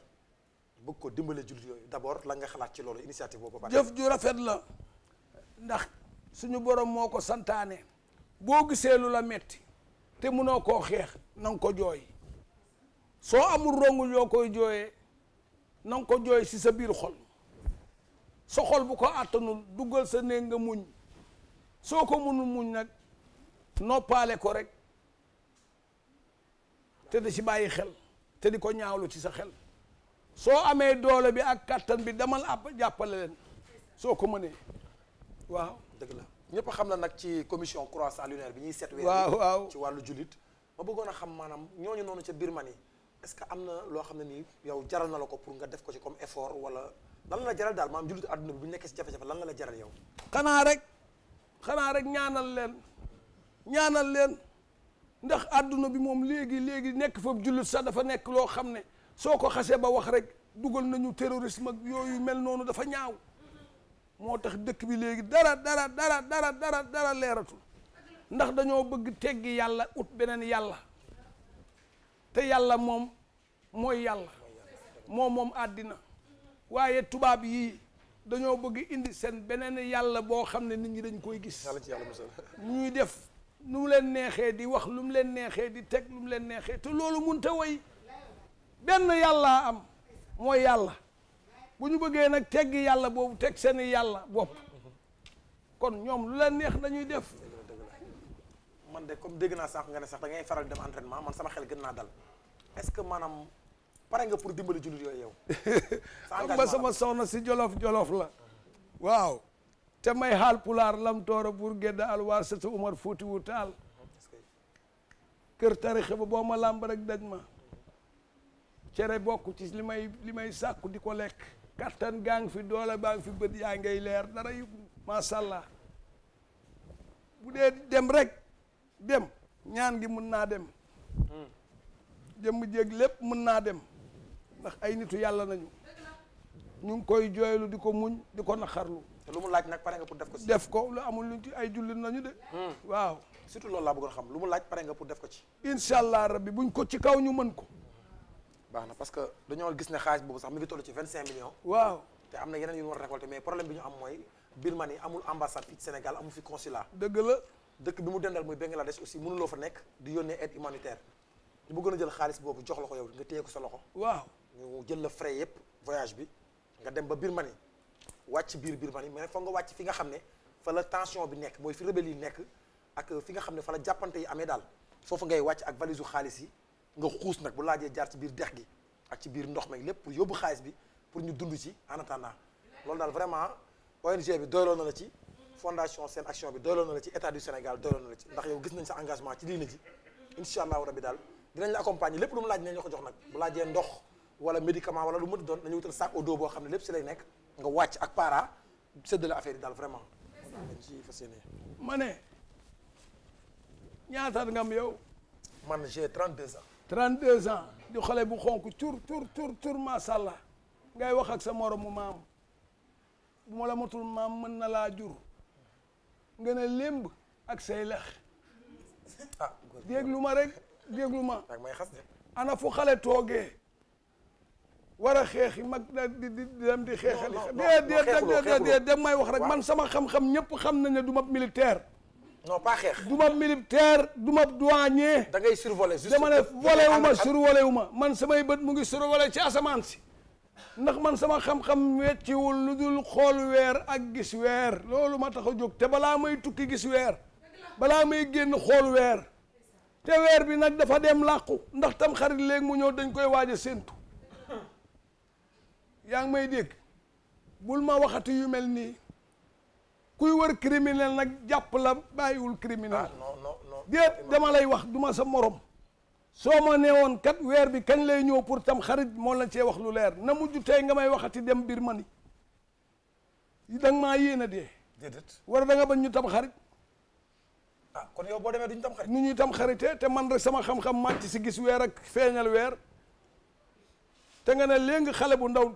bëgg ko dimbale jullit yooyu d'abord la nga xalaat ci loolu initiative boobu ba jëf ju rafet la ndax suñu borom moo ko santaane boo gisee lu la metti te mënoo koo xeex na ko jooy soo amul ronguñ yoo koy jooyee na ko jooy si sa biir xol sa xol bu ko àttanul duggal sa néeg nga muñ soo ko mënul muñ nag noppaale ko rek te da si bàyyi xel te di ko ñaawlu ci sa xel soo amee doole bi ak kattan bi damal àpp jàppale leen soo ko mënee waaw dëgg la ñëpp xam na nag ci commission croissant lunaire bi ñuy set weer waaw waaw ci wàllu jullit ma bëggoon a xam maanaam ñooñu noonu ca Birmanie parce que am na loo xam ne nii yow jaral na la ko pour nga def ko ci comme effort wala lan la jaral daal maam jullit àdduna bi bu nekkee ci jafe-jafe lan la la jaral yow. xanaa rek xanaa rek ñaanal leen ñaanal leen ndax àdduna bi moom léegi léegi nekk fa jullit sax dafa nekk loo xam ne soo ko xasee ba wax rek dugal nañu terrorisme ak yooyu mel noonu dafa ñaaw moo tax dëkk bi léegi dara dara dara dara dara dara leeratul ndax dañoo bëgg tegg yàlla ut beneen yàlla te yàlla moom. mooy yàlla moom moom àddina waaye tubaab yii dañoo bëgg indi seen beneen yàlla boo xam ne nit ñi dañ koy gis ñuy def nu leen neexee di wax lu mu leen neexee di teg lu mu leen neexee te loolu mun munta way benn yàlla am mooy yàlla bu ñu bëggee nag teggi yàlla boobu teg seen yàlla bopp kon ñoom lu leen neex dañuy def man de comme dégg naa sax nga ne sax dangay faral dem entraînement man sama xel gën naa dal pare nga pour dimbali jullit yooyu yow. [laughs] xam nga sama soxna si jolof jolof la. waaw te may xaal pulaar lam toora buur gedda alwaar sëtu Umar Fuuti taal. kër tarixe ba boo ma làmb rek daj ma. cere bokk ci li may sàkku di ko lekk. kattan gaa ngi fi doole baa ngi fi bët yaa ngay leer dara yu macha allah bu dee dem rek dem ñaan gi mun naa dem. Hmm. jëmm jéeg lépp mun naa dem. ndax ay nitu yàlla nañu ñu ngi koy jooylu di ko muñ di ko naqarlu te lu mu laaj nag pare nga pour def ko ci def ko lu amul luñ ci ay jullit nañu de hmm. waaw surtout lool laa bëggoon xam lu mu laaj pare nga pour def ko ci incha allah rabbi buñ ko ci kaw ñu mën ko baax na parce que dañoo gis ne xaalis boobu sax mi ngi toll ci vingt cinq millions waaw te am na yeneen yu ñu war a récolter mais problème bi ñu am mooy Birmanie amul ambassade fii Sénégal amul fi consulat dëgg la dëkk bi mu dendal muy Bangladesh aussi mënuloo fa nekk di yónnee aide humanitaire ñu bëggoon a jël xaalis boobu jox la ko yow nga téye ko sa loxo ñu jël la frais yëpp voyage bi nga dem ba Birmanie wàcc biir Birmanie mais foog nga wàcc fi nga xam ne fa la tension bi nekk mooy fi rebelle yi nekk ak fi nga xam ne fa la jàppante yi amee daal foofu ngay wàcc ak valise u xaalis yi nga xuus nag bu laajee jaar ci biir dex gi ak ci biir ndox mi lépp pour yóbbu xaalis bi pour ñu dund ci en attendant loolu daal vraiment ONG bi doyloo na la ci fondation Sen Action bi doyloo na la ci état du Sénégal doyloo ci ndax yow gis nañ sa engagement ci diine ji incha allahu rabi daal dinañ la lépp lu laaj dinañ la ko jox nag bu laajee ndox wala médicament wala lu mu doon nañu wutal sac au dos boo xam ne lépp si lay nekk nga wàcc ak para séddale affaire yi daal vraiment. dañ ci fas ma ne ñaata nga am yow. man j'ai 32 ans. 32 ans di xale bu xonk tur tur tur tur macha ngay wax ak sa moromu maam bu ma la matul maam mën na laa jur nga ne lémb ak say lex. ah lu ma rek déglu ma. may xas ana fu xale toogee. war a xeexi mag di di dem di xeexali déedéet dem may wax rek man sama xam-xam ñëpp xam nañ ne du ma militaire bu pas xeex du ma militaire du ma douanier da ngay survolé dama ne volé wu ma survolé wu ma man samay bët mu ngi survolé ci asamaan si ndax man sama xam-xam wecciwul lu dul xool weer ak gis weer loolu ma tax a jóg te balaa may tukki gis weer balaa may génn xool weer te weer bi nag dafa dem làqu ndax tam xarit léegi mu ñëw dañ koy waaja a yaa ngi may dégg bul ma waxati yu mel nii kuy wër criminel nag jàpp la bàyyiwul criminel ah, déet dama lay wax duma sa morom soo ma nee woon kat weer bi kañ lay ñëw pour tam xarit moo la cee wax lu leer na mujj tey nga may waxati dem biir mani da nga maa yéen a dee war da nga bañ ñu tam xarit ah, kon yow boo demee duñu tam xarit nu ñuy tam xarite te man rek sama xam-xam màcc si gis weer ak feeñal weer te nga ne leng xale bu ndaw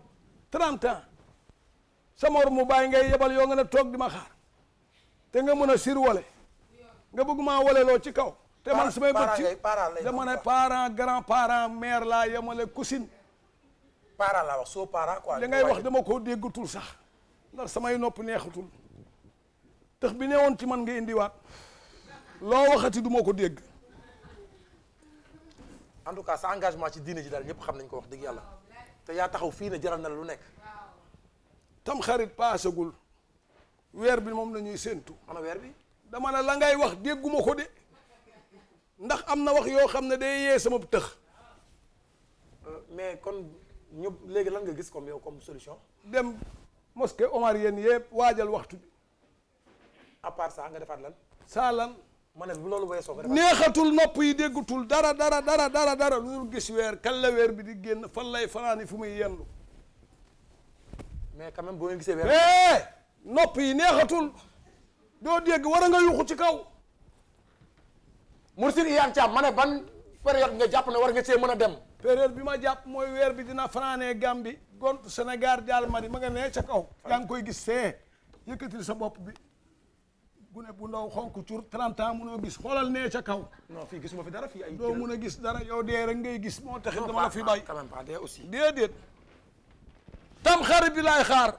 30 ans sa mor mu bàyyi ngay yebal yoo nga ne toog di ma xaar te nga mën a sir wale nga bëgg maa wale loo ci kaw te man su may bët ci dama ne parent grand parent mère laa yemale cousine parent laa wax soo parent quoi ngay wax dama ko déggatul sax ndax samay nopp neexatul tex bi woon ci man nga indiwaat loo waxati du ma ko dégg en tout cas sa ci diine ji daal ñëpp xam nañ ko wax dëgg yàlla te yaa taxaw fii ne jaral na lu nekk. tam xarit paasagul weer bi moom la ñuy séentu. ana bi dama ne la ngay wax dégguma ko de ndax am na wax yoo xam ne day yee sama tëx. Euh, mais kon ñu léegi lan nga gis comme yow comme solution. dem mosquée omarienne yépp waajal waxtu bi. à part nga defaat lan. saa lan. ma ne bu loolu weesoo neexatul nopp yi déggutul dara dara dara dara dara lu dul gis weer kan la weer bi di génn fan lay fanaani fu muy yendu mais quand même boo ngeen gisee weer eh, nopp yi neexatul doo dégg war nga yuxu ci kaw Mourchid Iyane Thiam ma ne ban période nga jàpp ne war nga see mën a dem période bi ma jàpp mooy weer bi dina fanaanee Gambie gont senegal jaal mani ma nga nee ca kaw yaa ngi koy gis see yëkkatil sa bopp bi gune bu ndaw xonk cur 30 ans munoo gis xoolal nee ca kaw. non fii gisuma fi dara fii ay. doo mun a gis dara yow dee rek ngay gis moo taxit dama la fi bàyyi. quand dee aussi. déedéet tam xarit bi laay xaar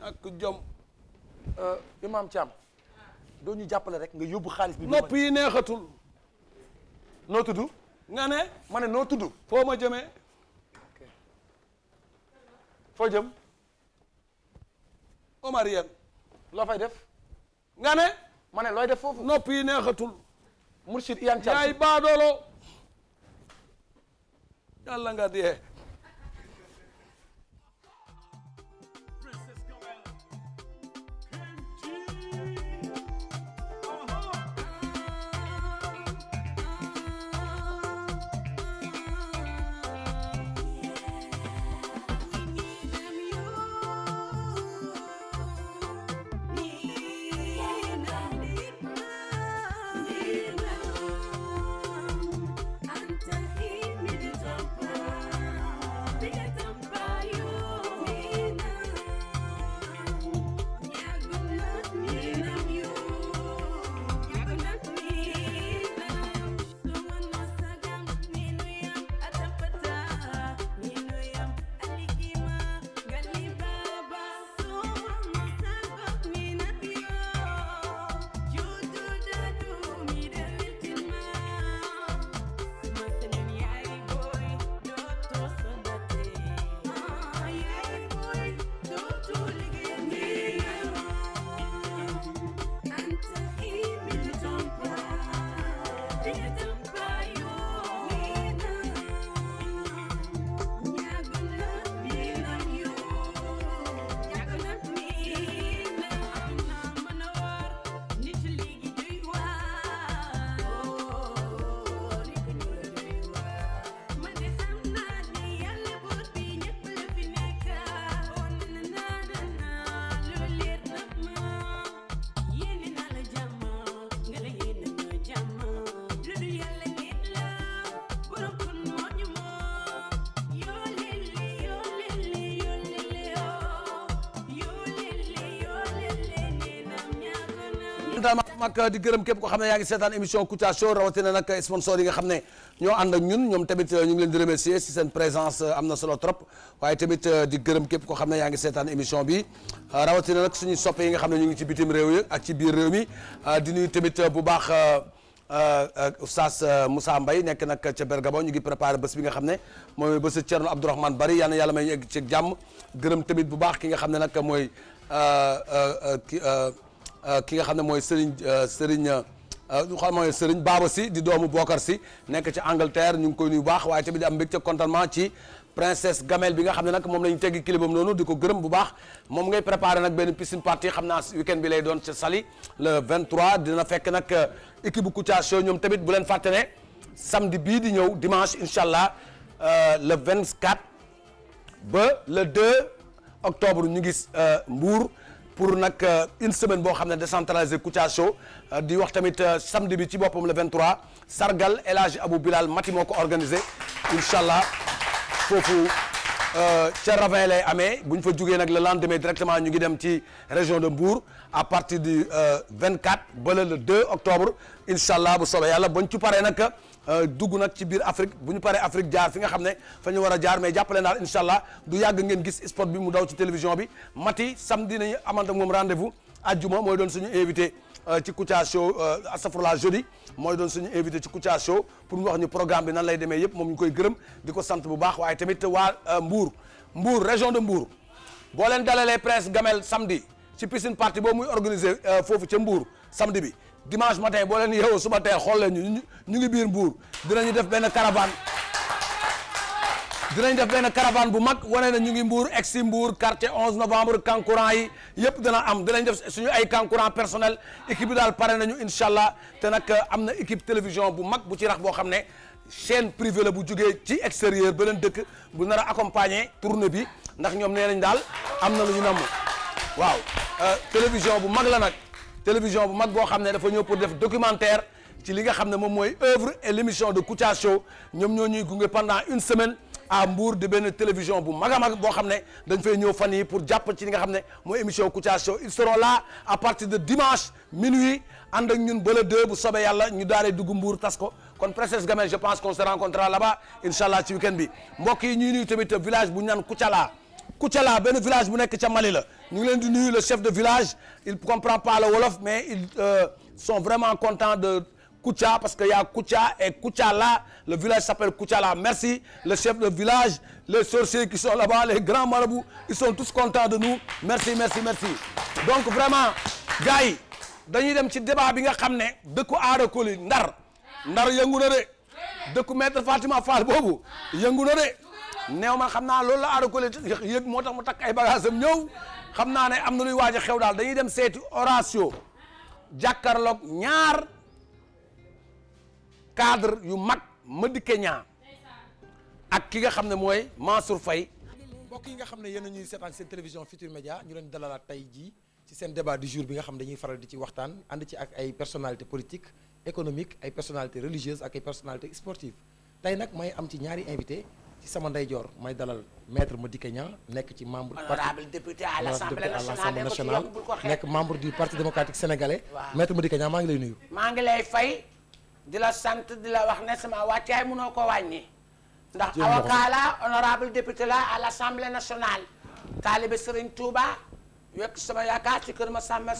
ak jom. Euh, Imaam Thiam. doo ñu jàppale rek nga yóbbu xaalis bi. nopp yi neexatul. noo tudd. nga ne. ma ne noo tuddu foo ma jëmee. foo jëm. Omar yéen. loo fay def. nga ne ma ne looy def foofu nopp yi neexatul mursid yan yaay baadoolo yàlla nga dee ak di gërëm képp ko xam ne yaa ngi seetaan émission Kouthia Show rawatina nag sponsor yi nga xam ne ñoo ànd ak ñun ñoom tamit euh, ñu ngi leen di remercier si seen présence euh, am na solo trop waaye tamit euh, di gërëm képp ko xam ne yaa ngi seetaan émission bi rawatina nag suñu soppe yi nga xam ne ñu ngi ci bitim réew yi ak ci biir réew mi di nuyu tamit bu baax Oustaz Moussa mbay nekk nak ca Bergamo ñu ngi préparé bés bi nga xam ne mooy bésu Thierno Abdourahmane Bari yal na yàlla may egg ci jàmm gërëm tamit bu baax ki nga xam ne nag mooy Euh, ki nga xam ne mooy Serigne euh, Serigne euh, ñu xam mooy Serigne Baba si di doomu Bokar si nekk ci Angleterre ñu ngi koy nuyu baax waaye tamit di am mbégte contentement ci princesse Gamel bi nga xam ne nag moom la ñu teggi kilibam noonu di ko gërëm bu baax moom ngay préparé nag benn piscine party xam naa weekend bi lay doon ci sali le 23 dina fekk nag équipe bu Kouthia ñoom tamit bu leen fàtte ne samedi bii di ñëw dimanche incha allah le 24 ba le 2 octobre ñu gis Mbour. pour nag euh, une semaine boo xam ne décentralisé Kouthia Show euh, di wax tamit euh, samedi bi ci boppam le 23 sargal El Hadj Abou Bilal Mati moo ko organisé incha allah foofu ca Ravin lay ame bu ñu fa jugee nag le lendemain directement ñu ngi dem ci région de Mbour à partir du 24 ba le 2 octobre incha allah bu soobee yàlla bañ ci paree nag. Euh, dugg nag ci biir Afrique bu ñu paree Afrique jaar fi nga xam ne fa ñu war a jaar mais jàppale daal incha allah du yàgg ngeen gis sport bi mu daw ci télévision bi Mati samedi nañu amante moom rendez-vous ajjuma mooy doon suñu invité euh, ci Kouthia Show euh, astafurlah jeudi mooy doon suñu invité ci Kouthia Show pour mu wax ñu programme bi nan lay demee yëpp moom ñu koy gërëm di ko sant bu baax waaye tamit waa Mbour mbuur région de mbuur boo leen dalalee Prince Gamel samedi ci piscine party boobu muy organisé foofu ca Mbour samedi bi dimanche matin boo leen yeewoo suba tey xool leen ñu ñu ngi biir Mbour dinañu def benn caravane dinañ def benn caravane bu mag wane na ñu ngi Mbour exi Mbour quartier 11 novembre kankurang yi yëpp dana am dinañ def suñu ay kankurang personnel équipe bi daal pare nañu incha allah te nag am na équipe télévision bu mag bu ci rax boo xam ne chaîne privée la bu jugee ci extérieur beneen dëkk bu nar a accompagner tournée bi ndax ñoom nee nañ daal am na lu ñu namm waaw euh, télévision bu mag la nag. télévision bu mag boo xam ne dafa ñëw pour def documentaire ci li nga xam ne moom mooy œuvre et l'émission de Kouthia Show ñoom ñoo ñuy gunge pendant une semaine à Mbour de benn télévision bu mag a mag boo xam ne dañ fay ñëw fan yi pour jàpp ci li nga xam ne mooy émission Kouthia Show ils seront là à partir de dimanche minuit ànd ak ñun ba le deux bu sobe yàlla ñu daaree dugg Mbour tas ko kon princesse Gamel je pense qu'on se rencontrera là-bas incha bi mbokk yi ñuy nuyu tamit village bu ñaan Koutiala Koutiala benn village bu nekk ca Mali la ñu ngi leen di nuyu le chef de village il comprend pas le wolof mais ils euh, sont vraiment contents de Kouthia parce que y a Kouthia et Kouthiala le village s'appelle Kouthiala merci le chef de village les sorciers qui sont là-bas les grands marabouts ils sont tous contents de nous merci merci donc vraiment gars yi dañuy dem ci débat bi nga xam ne dëkku aada koli ndar ndar yëngu na de dëkku maître Fatima Fall boobu yëngu na de neew man xam na loolu la aada koli yëg moo tax mu takk ay bagages am ñëw xam naa ne am na luy waaj a xew daal dañuy dem seeti Horatio jàkkaarloog ñaar cadre yu mag Madické Niang ak ki nga xam ne mooy Mansour Faye mbokk yi nga xam ne yéen a ñuy seetaan seen télévision Futur Média ñu leen dalalaat tey jii ci seen débat du jour bi nga xam ne dañuy faral di ci waxtaan ànd ci ak ay personnalité politique économique ay personnalité religieuse ak ay personnalité sportive tey nag may am ci ñaari invité ci sama ndeyjoor may dalal maître Madické Niang nekk ci membre. honorable député à l'Assemblée nationale nekk membre du parti démocratique sénégalais. waaw maître Madické Niang maa ngi lay nuyu. maa ngi lay fay di la sant di la wax ne sama wàccaay mënoo ko wàññi. ndax avocat la honorable député la à l'Assemblée nationale. taalibe Serigne Touba yokk sama yaakaar ci kër ma Massamba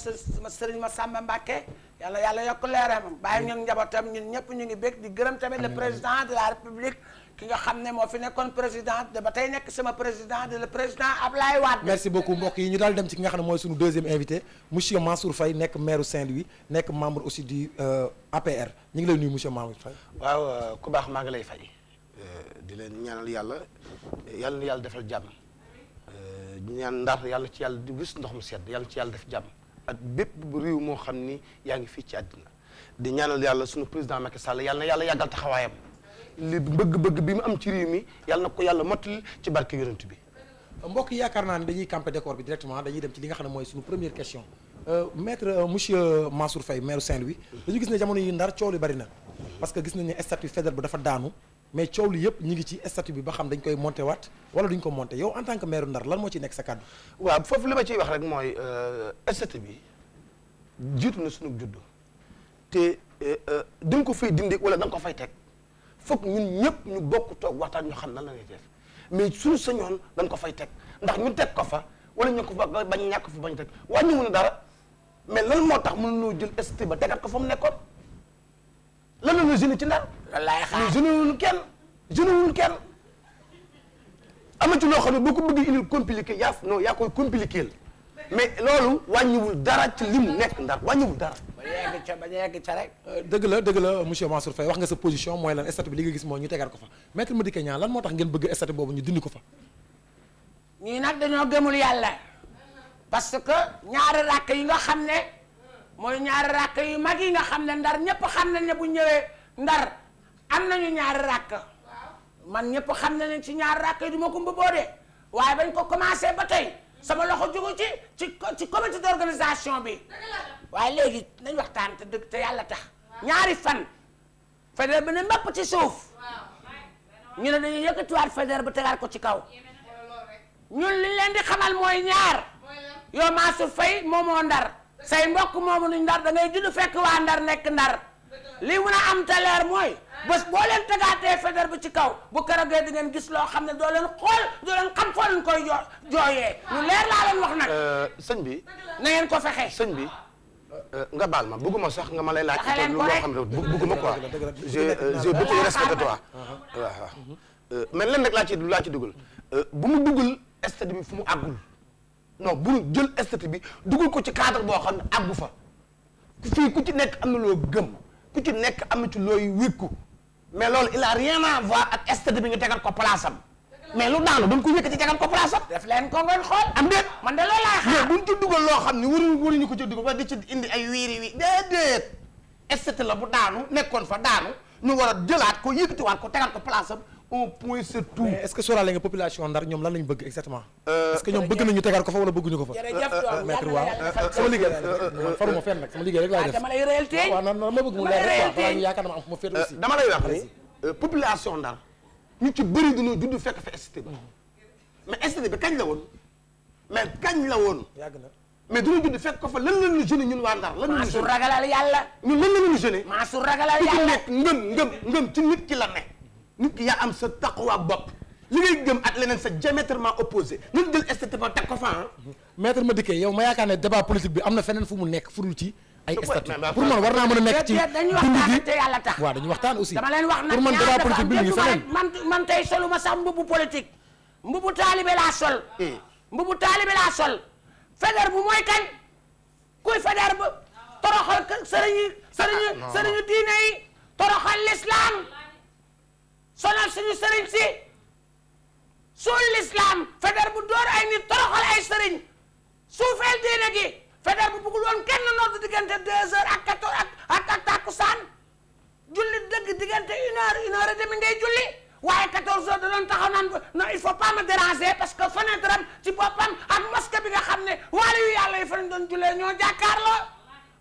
Serigne Massamba Mbacké yàlla yàlla yokk leeram bàyyi ñun njabootam ñun ñëpp ñu ngi bég di gërëm tamit le président de la république. ki nga xam ne moo fi nekkoon président de ba tey nekk sama président de le président Ablaye waat merci beaucoup mbokk yi ñu daal dem ci ki nga xam ne mooy suñu deuxième invité monsieur Mansour Faye nekk maire Saint-Louis nekk membre aussi du euh, APR ñu ngi lay nuyu monsieur Mansour Faye. waaw euh, ku baax maa ngi lay fay. Euh, di leen ñaanal yàlla yàlla na yàlla defal jàmm ñu ñaan ndar yàlla ci yàlla di wis ndox mu sedd yàlla ci yàlla def jàmm ak bépp moo xam ni yaa ngi fii ci àddina di ñaanal yàlla suñu président Macky Sall yàlla na yàlla yàggal taxawaayam. li bëgg-bëgg bi mu am ci réew mi yàlla na ko yàlla mottali ci barke yonent bi mbokk yaakaar naa ne dañuy campé décor bi directement dañuy dem ci li nga xam ne mooy suñu première question euh, maître euh, monsieur Mansour Faye maire Saint-Louis dañu gis ne jamono yi ndar coow li bari na parce que gis nañ ne statut fédéral bu dafa daanu mais coow li yëpp ñu ngi ci statut bi ba xam dañ koy monté waat wala duñ ko monté yow en tant que maire ndar lan moo ci nekk sa kàddu waaw foofu li rek mooy euh, statut bi jiitu na suñu judd te da nga ko fay dindi wala da nga fay teg foog ñun ñëpp ñu bokk toog waxtaan ñu xam nan la ñuy def mais suñu sañoon dañ ko fay teg ndax ñu teg ko fa wala ñu ko fa bañ ñàkk fa bañ teg wàññiwuñu dara mais lan moo tax mën loo jël ST ba tegaat ko fa mu nekkoon lan la ñu ci ndar. wallaay xaar génne wuñu kenn génne wuñu kenn. am na ci loo xam ne boo ko bëggee indil compliqué yaa non yaa koy compliqué mais loolu wul dara ci li mu nekk ndar wàññiwul dara. ba yegg ca ba yegg ca euh, dëgg la dëgg la monsieur Mansour Faye wax nga sa position mooy lan statut bi li nga gis mooy ñu tegaat ko fa maître Madické Niang lan moo tax ngeen bëgg statut boobu ñu dindi ko fa. ñii nag dañoo gëmul yàlla parce que ñaari rakk yi nga xam ne mooy ñaari rakk yi mag yi nga xam ne ndar ñëpp xam nañ ne bu ñëwee ndar am nañu ñaari rakk man ñëpp xam nañ ne ci ñaari rakk yi du ma ko mbëboo de waaye bañ ko commencé ba tey. sama loxo jugu ci ci ci comité d'organisation bi waaye léegi nañ waxtaan te dëgg te yàlla tax ñaari fan fédère bi ne mbapp ci suuf ñu ne dañuy yëkkatiwaat fédère bu tegaat ko ci kaw ñun li leen di xamal mooy ñaar yow Mansour Faye moomoo ndar say mbokk moomu nuñ ndar da ngay judd fekk waa ndar nekk ndar li mun a am te leer mooy bés boo leen tegaatee feder bi ci kaw bu keroogee di ngeen gis loo xam ne doo leen xool doo leen xam foo koy jo jooyee lu leer laa leen wax nag. Euh, sëñ bi. na ko fexe. sëñ bi euh, euh, nga baal ma bëgguma sax nga ma lay laaj. xale lu ne bëgguma quoi. j'ai j'ai beaucoup respect de toi. waaw waaw laa ci laa ci dugal bu mu dugal esthétique bi fu mu àggul no bu jël esthétique bi duggul ko ci cadre boo xam ne àggu fa fii ku ci nekk am na loo gëm. ku ci nekk am ci looy wékku mais loolu il a rien à voir ak stade bi ñu tegal ko place am mais lu daanu duñ ko yëkkati tegal ko place am. def leen ko ngeen xool. am déet man de loolu laa xaar mais buñ ci dugal loo xam ne waruñu ko ci dugal ba di ci indi ay wiiri wi déedéet stade la bu daanu nekkoon fa daanu ñu war a jëlaat ko yëkkatiwaat ko tegal ko place am. un point c'est tout. mais est-ce que sóoraale nga population Ndar ñoom lan lañu bëgg exactement. Euh, est-ce que ñoom bëgg nañu tegaat ko fa wala bëgguñu ko fa. Euh, euh, maître waaw sama liggéey man faruma fenn nag sama liggéey rek laay ah, def. dama lay réel tey waaw nan nan ma bëgg mu leer rek waaw yaakaar naa ma am fu ma féet aussi. dama lay wax ni population Ndar ñu ci bëri dañoo judd fekk fa STT ba mais STT bi kañ la woon mais kañ la woon. yàgg na mais dañoo judd fekk ko fa lan la ñu jeuné ñun waa Ndar. lan la ñu jeuné maa su ragalal yàlla. ñun lan la ñu jeuné. maa su ragalal yàlla ku ci nekk ngëm ngëm ngëm ci nit ki la nekk nit ki yaa am sa taqwa bopp li ngay gëm ak leneen sa diamétralement opposé nañ jël statut ba ko fa ah. maître ma dikkee yow ma yaakaar ne débat politique bi am na feneen fu mu nekk furul ci ay statut pour man war naa a nekk ci dañuy waxtaan te yàlla mbubu politique mbubu taalibe laa sol hmm. mbubu taalibe laa sol feder bu mooy kañ kuy feder ba toroxal sëriñu sëriñu ah, sëriñu diine l'islam sonal suñu sëriñ si suul lislaam feder bu door ay nit toroxal ay sëriñ suufeel diine gi feder bu bëggul woon kenn nodd diggante deux heures ak quatorze ak ak ak takkusaan julli dëgg diggante une heure une heure et ngay julli waaye quatorze heures da doon taxaw naan non il faut pas me déranger parce que fenêtre am ci boppam ak mosquée bi nga xam ne wàllu yu yàlla yi fa lañ doon jullee ñoo jàkkaarloo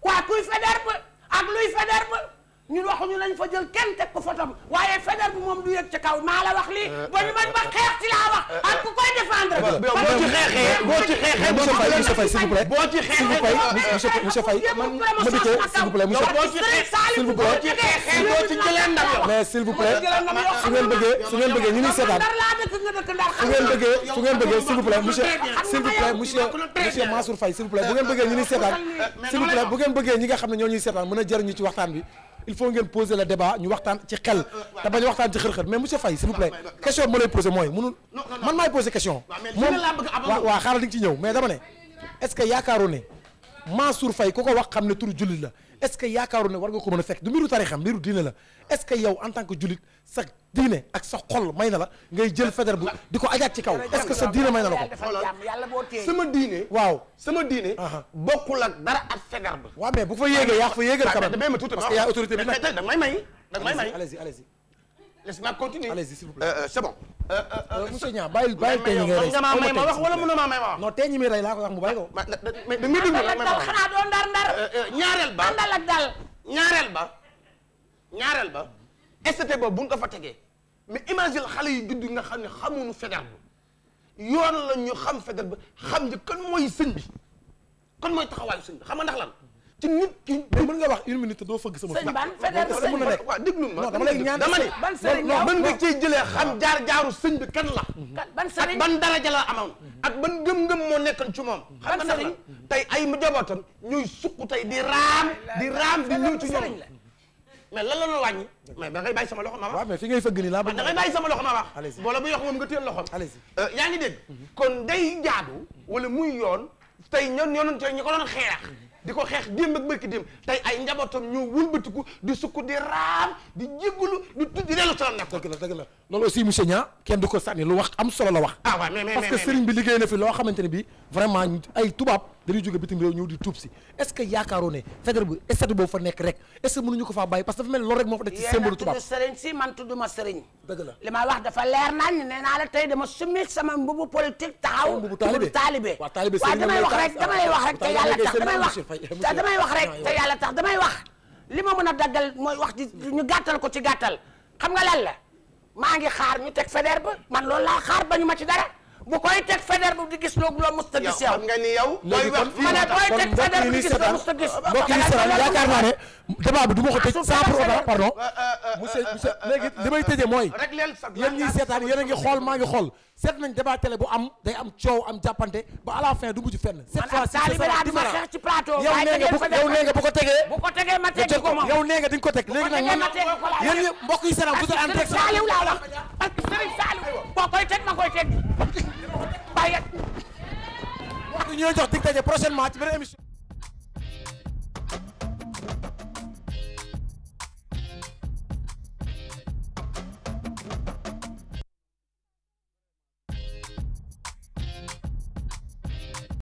waaye kuy feder ba ak luy feder ba ñun waxuñu nañ fa jël kenn teg ko fotom waaye Faidherbe bi moom du yëg ca kaw maa la wax lii euh, ba ñu man ba xeex ci laa wax euh, ak ku koy défendre boo ci xeexee boo ci xeexee monsieur Faye monsieur Faye s'il vous plaît boo ci xeexee monsieur Faye s'il vous seetaan su ngeen bëggee ñu xam ne ñoo ñuy a jëriñu ci waxtaan bi il faut ngeen poser le débat ñu waxtaan ci xel euh, euh, te bañ waxtaan ci xër-xër mais monsieur Faye s'il vous plaît question bi lay posé mooy munul man maay posé question moom waaw xaaral di ci ñëw mais dama ne est-ce que yaakaaroon ne maa Faye ku ko wax xam ne turu jullit la est-ce que yaakaaru ne war nga ko mën a fekk du mbiru tarixam mbiru diine la est-ce que en tant que jullit sa diine ak sa xol may na la jël feder bu di ko ajaat ci kaw est-ce que sa may na la ko sama diine waaw sama diine bokkul ak dara ak feder ba waaw mais bu fa yéegee yaa fa yéegal quand même parce que yaa autorité bi nag danga may may danga may naa continuer. allez-y s'il vous plaît euh, euh, c'est bon. Euh, monsieur Niang bàyyil bàyyil tey ñi ngay rey. ma may ma wax wala mënoo ma may ma wax. non tey ñi muy rey laa ko wax mu bàyyi ko. ma na mais mi dugg ma may ma wax xanaa doo ndar ndar. ñaareel ba àndal ak dal. ñaareel ba ñaareel ba. STT boobu bu ñu ko fa tegee mais imagine xale yu juddu nga xam ne xamuñu fédéral ba yoon la ñu xam fédéral ba xam ne kon mooy sëñ bi kon mooy taxawaayu sëñ bi xam nga ndax lan ci nit ki mën nga wax une minute te doo fëgg sama. sëñ ban fële sëñ ban waaw déglu ma dama lay ñaan dama ne. ban sëriñ la ban nga cee jëlee xam jaar jaaru sëñ bi kan la. ban sëriñ ak ban daraja la amoon. Mhm. ak ban gëm-gëm moo nekkoon ci moom. ban sëriñ xam nga tey ay mu jabootam ñuy suq tey di raam. di raam di ñëw ci ñoom. mais lan la la wàññi mais da ngay bàyyi sama loxo ma wax. waaw mais fi ngay fëgg nii laa sama loxo ma wax. allez-y boo la bu yox moom nga téel loxoom. allez-y euh, yaa ngi dégg mhm. kon day jaadu wala muy yoon tey ñoon ñoonoon tey ñu ko di ko xeex démb ak bërki démb tey ay njabootam ñoo wëlbatiku di sukk di raam di jégalu di tudd di dellu salaam dëgg la loolu aussi monsieur kenn du ko sànni lu wax am solo la wax. ah waaw sëriñ bi liggéey na fi loo xamante ne bii vraiment ay tubaab dañuy jóge bitim réew ñëw di tuub si est ce que bu statut boobu fa nekk rek est ce que mënuñu ko faa bàyyi parce que dafa mel loolu rek moo fa def ci symbole tubaab yéen a tudd sëriñ sëriñ. dëgg la li ma te damay wax rek te yàlla tax damay wax li ma mën a daggal mooy wax ci ñu gàttal ko ci gàttal xam nga lan la maa ngi xaar ñu teg ba man loolu laa xaar ba ñu ma ci dara bu koy teg Faidherbe di gis loolu musta gis yow. nga ma ne koy teg Faidherbe di gis loo musta gis. mbokk yi seetaan yaakaar naa ne débat bi du ma ko tëj sans pour la pardon euh, euh, euh, monsieur monsieur léegi li may tëjee mooy yéen ñiy seetaan yéen a ngi xool maa ngi xool seet nañ débat télé bu am day am coow am jàppante ba à la fin du mujj fenn. cette fois ci ci plateau. yow nee nga bu yow nee bu ko tegee. bu ko tegee ma teg ko moom yow nee nga di nga ko teg. léegi nag man yéen ñëpp mbokk yi salaam vous êtes en direct. Saliou laa wax parce que Serigne Saliou boo koy teg ma koy teg bàyyi. mbokk yi ñu jox dig daje prochainement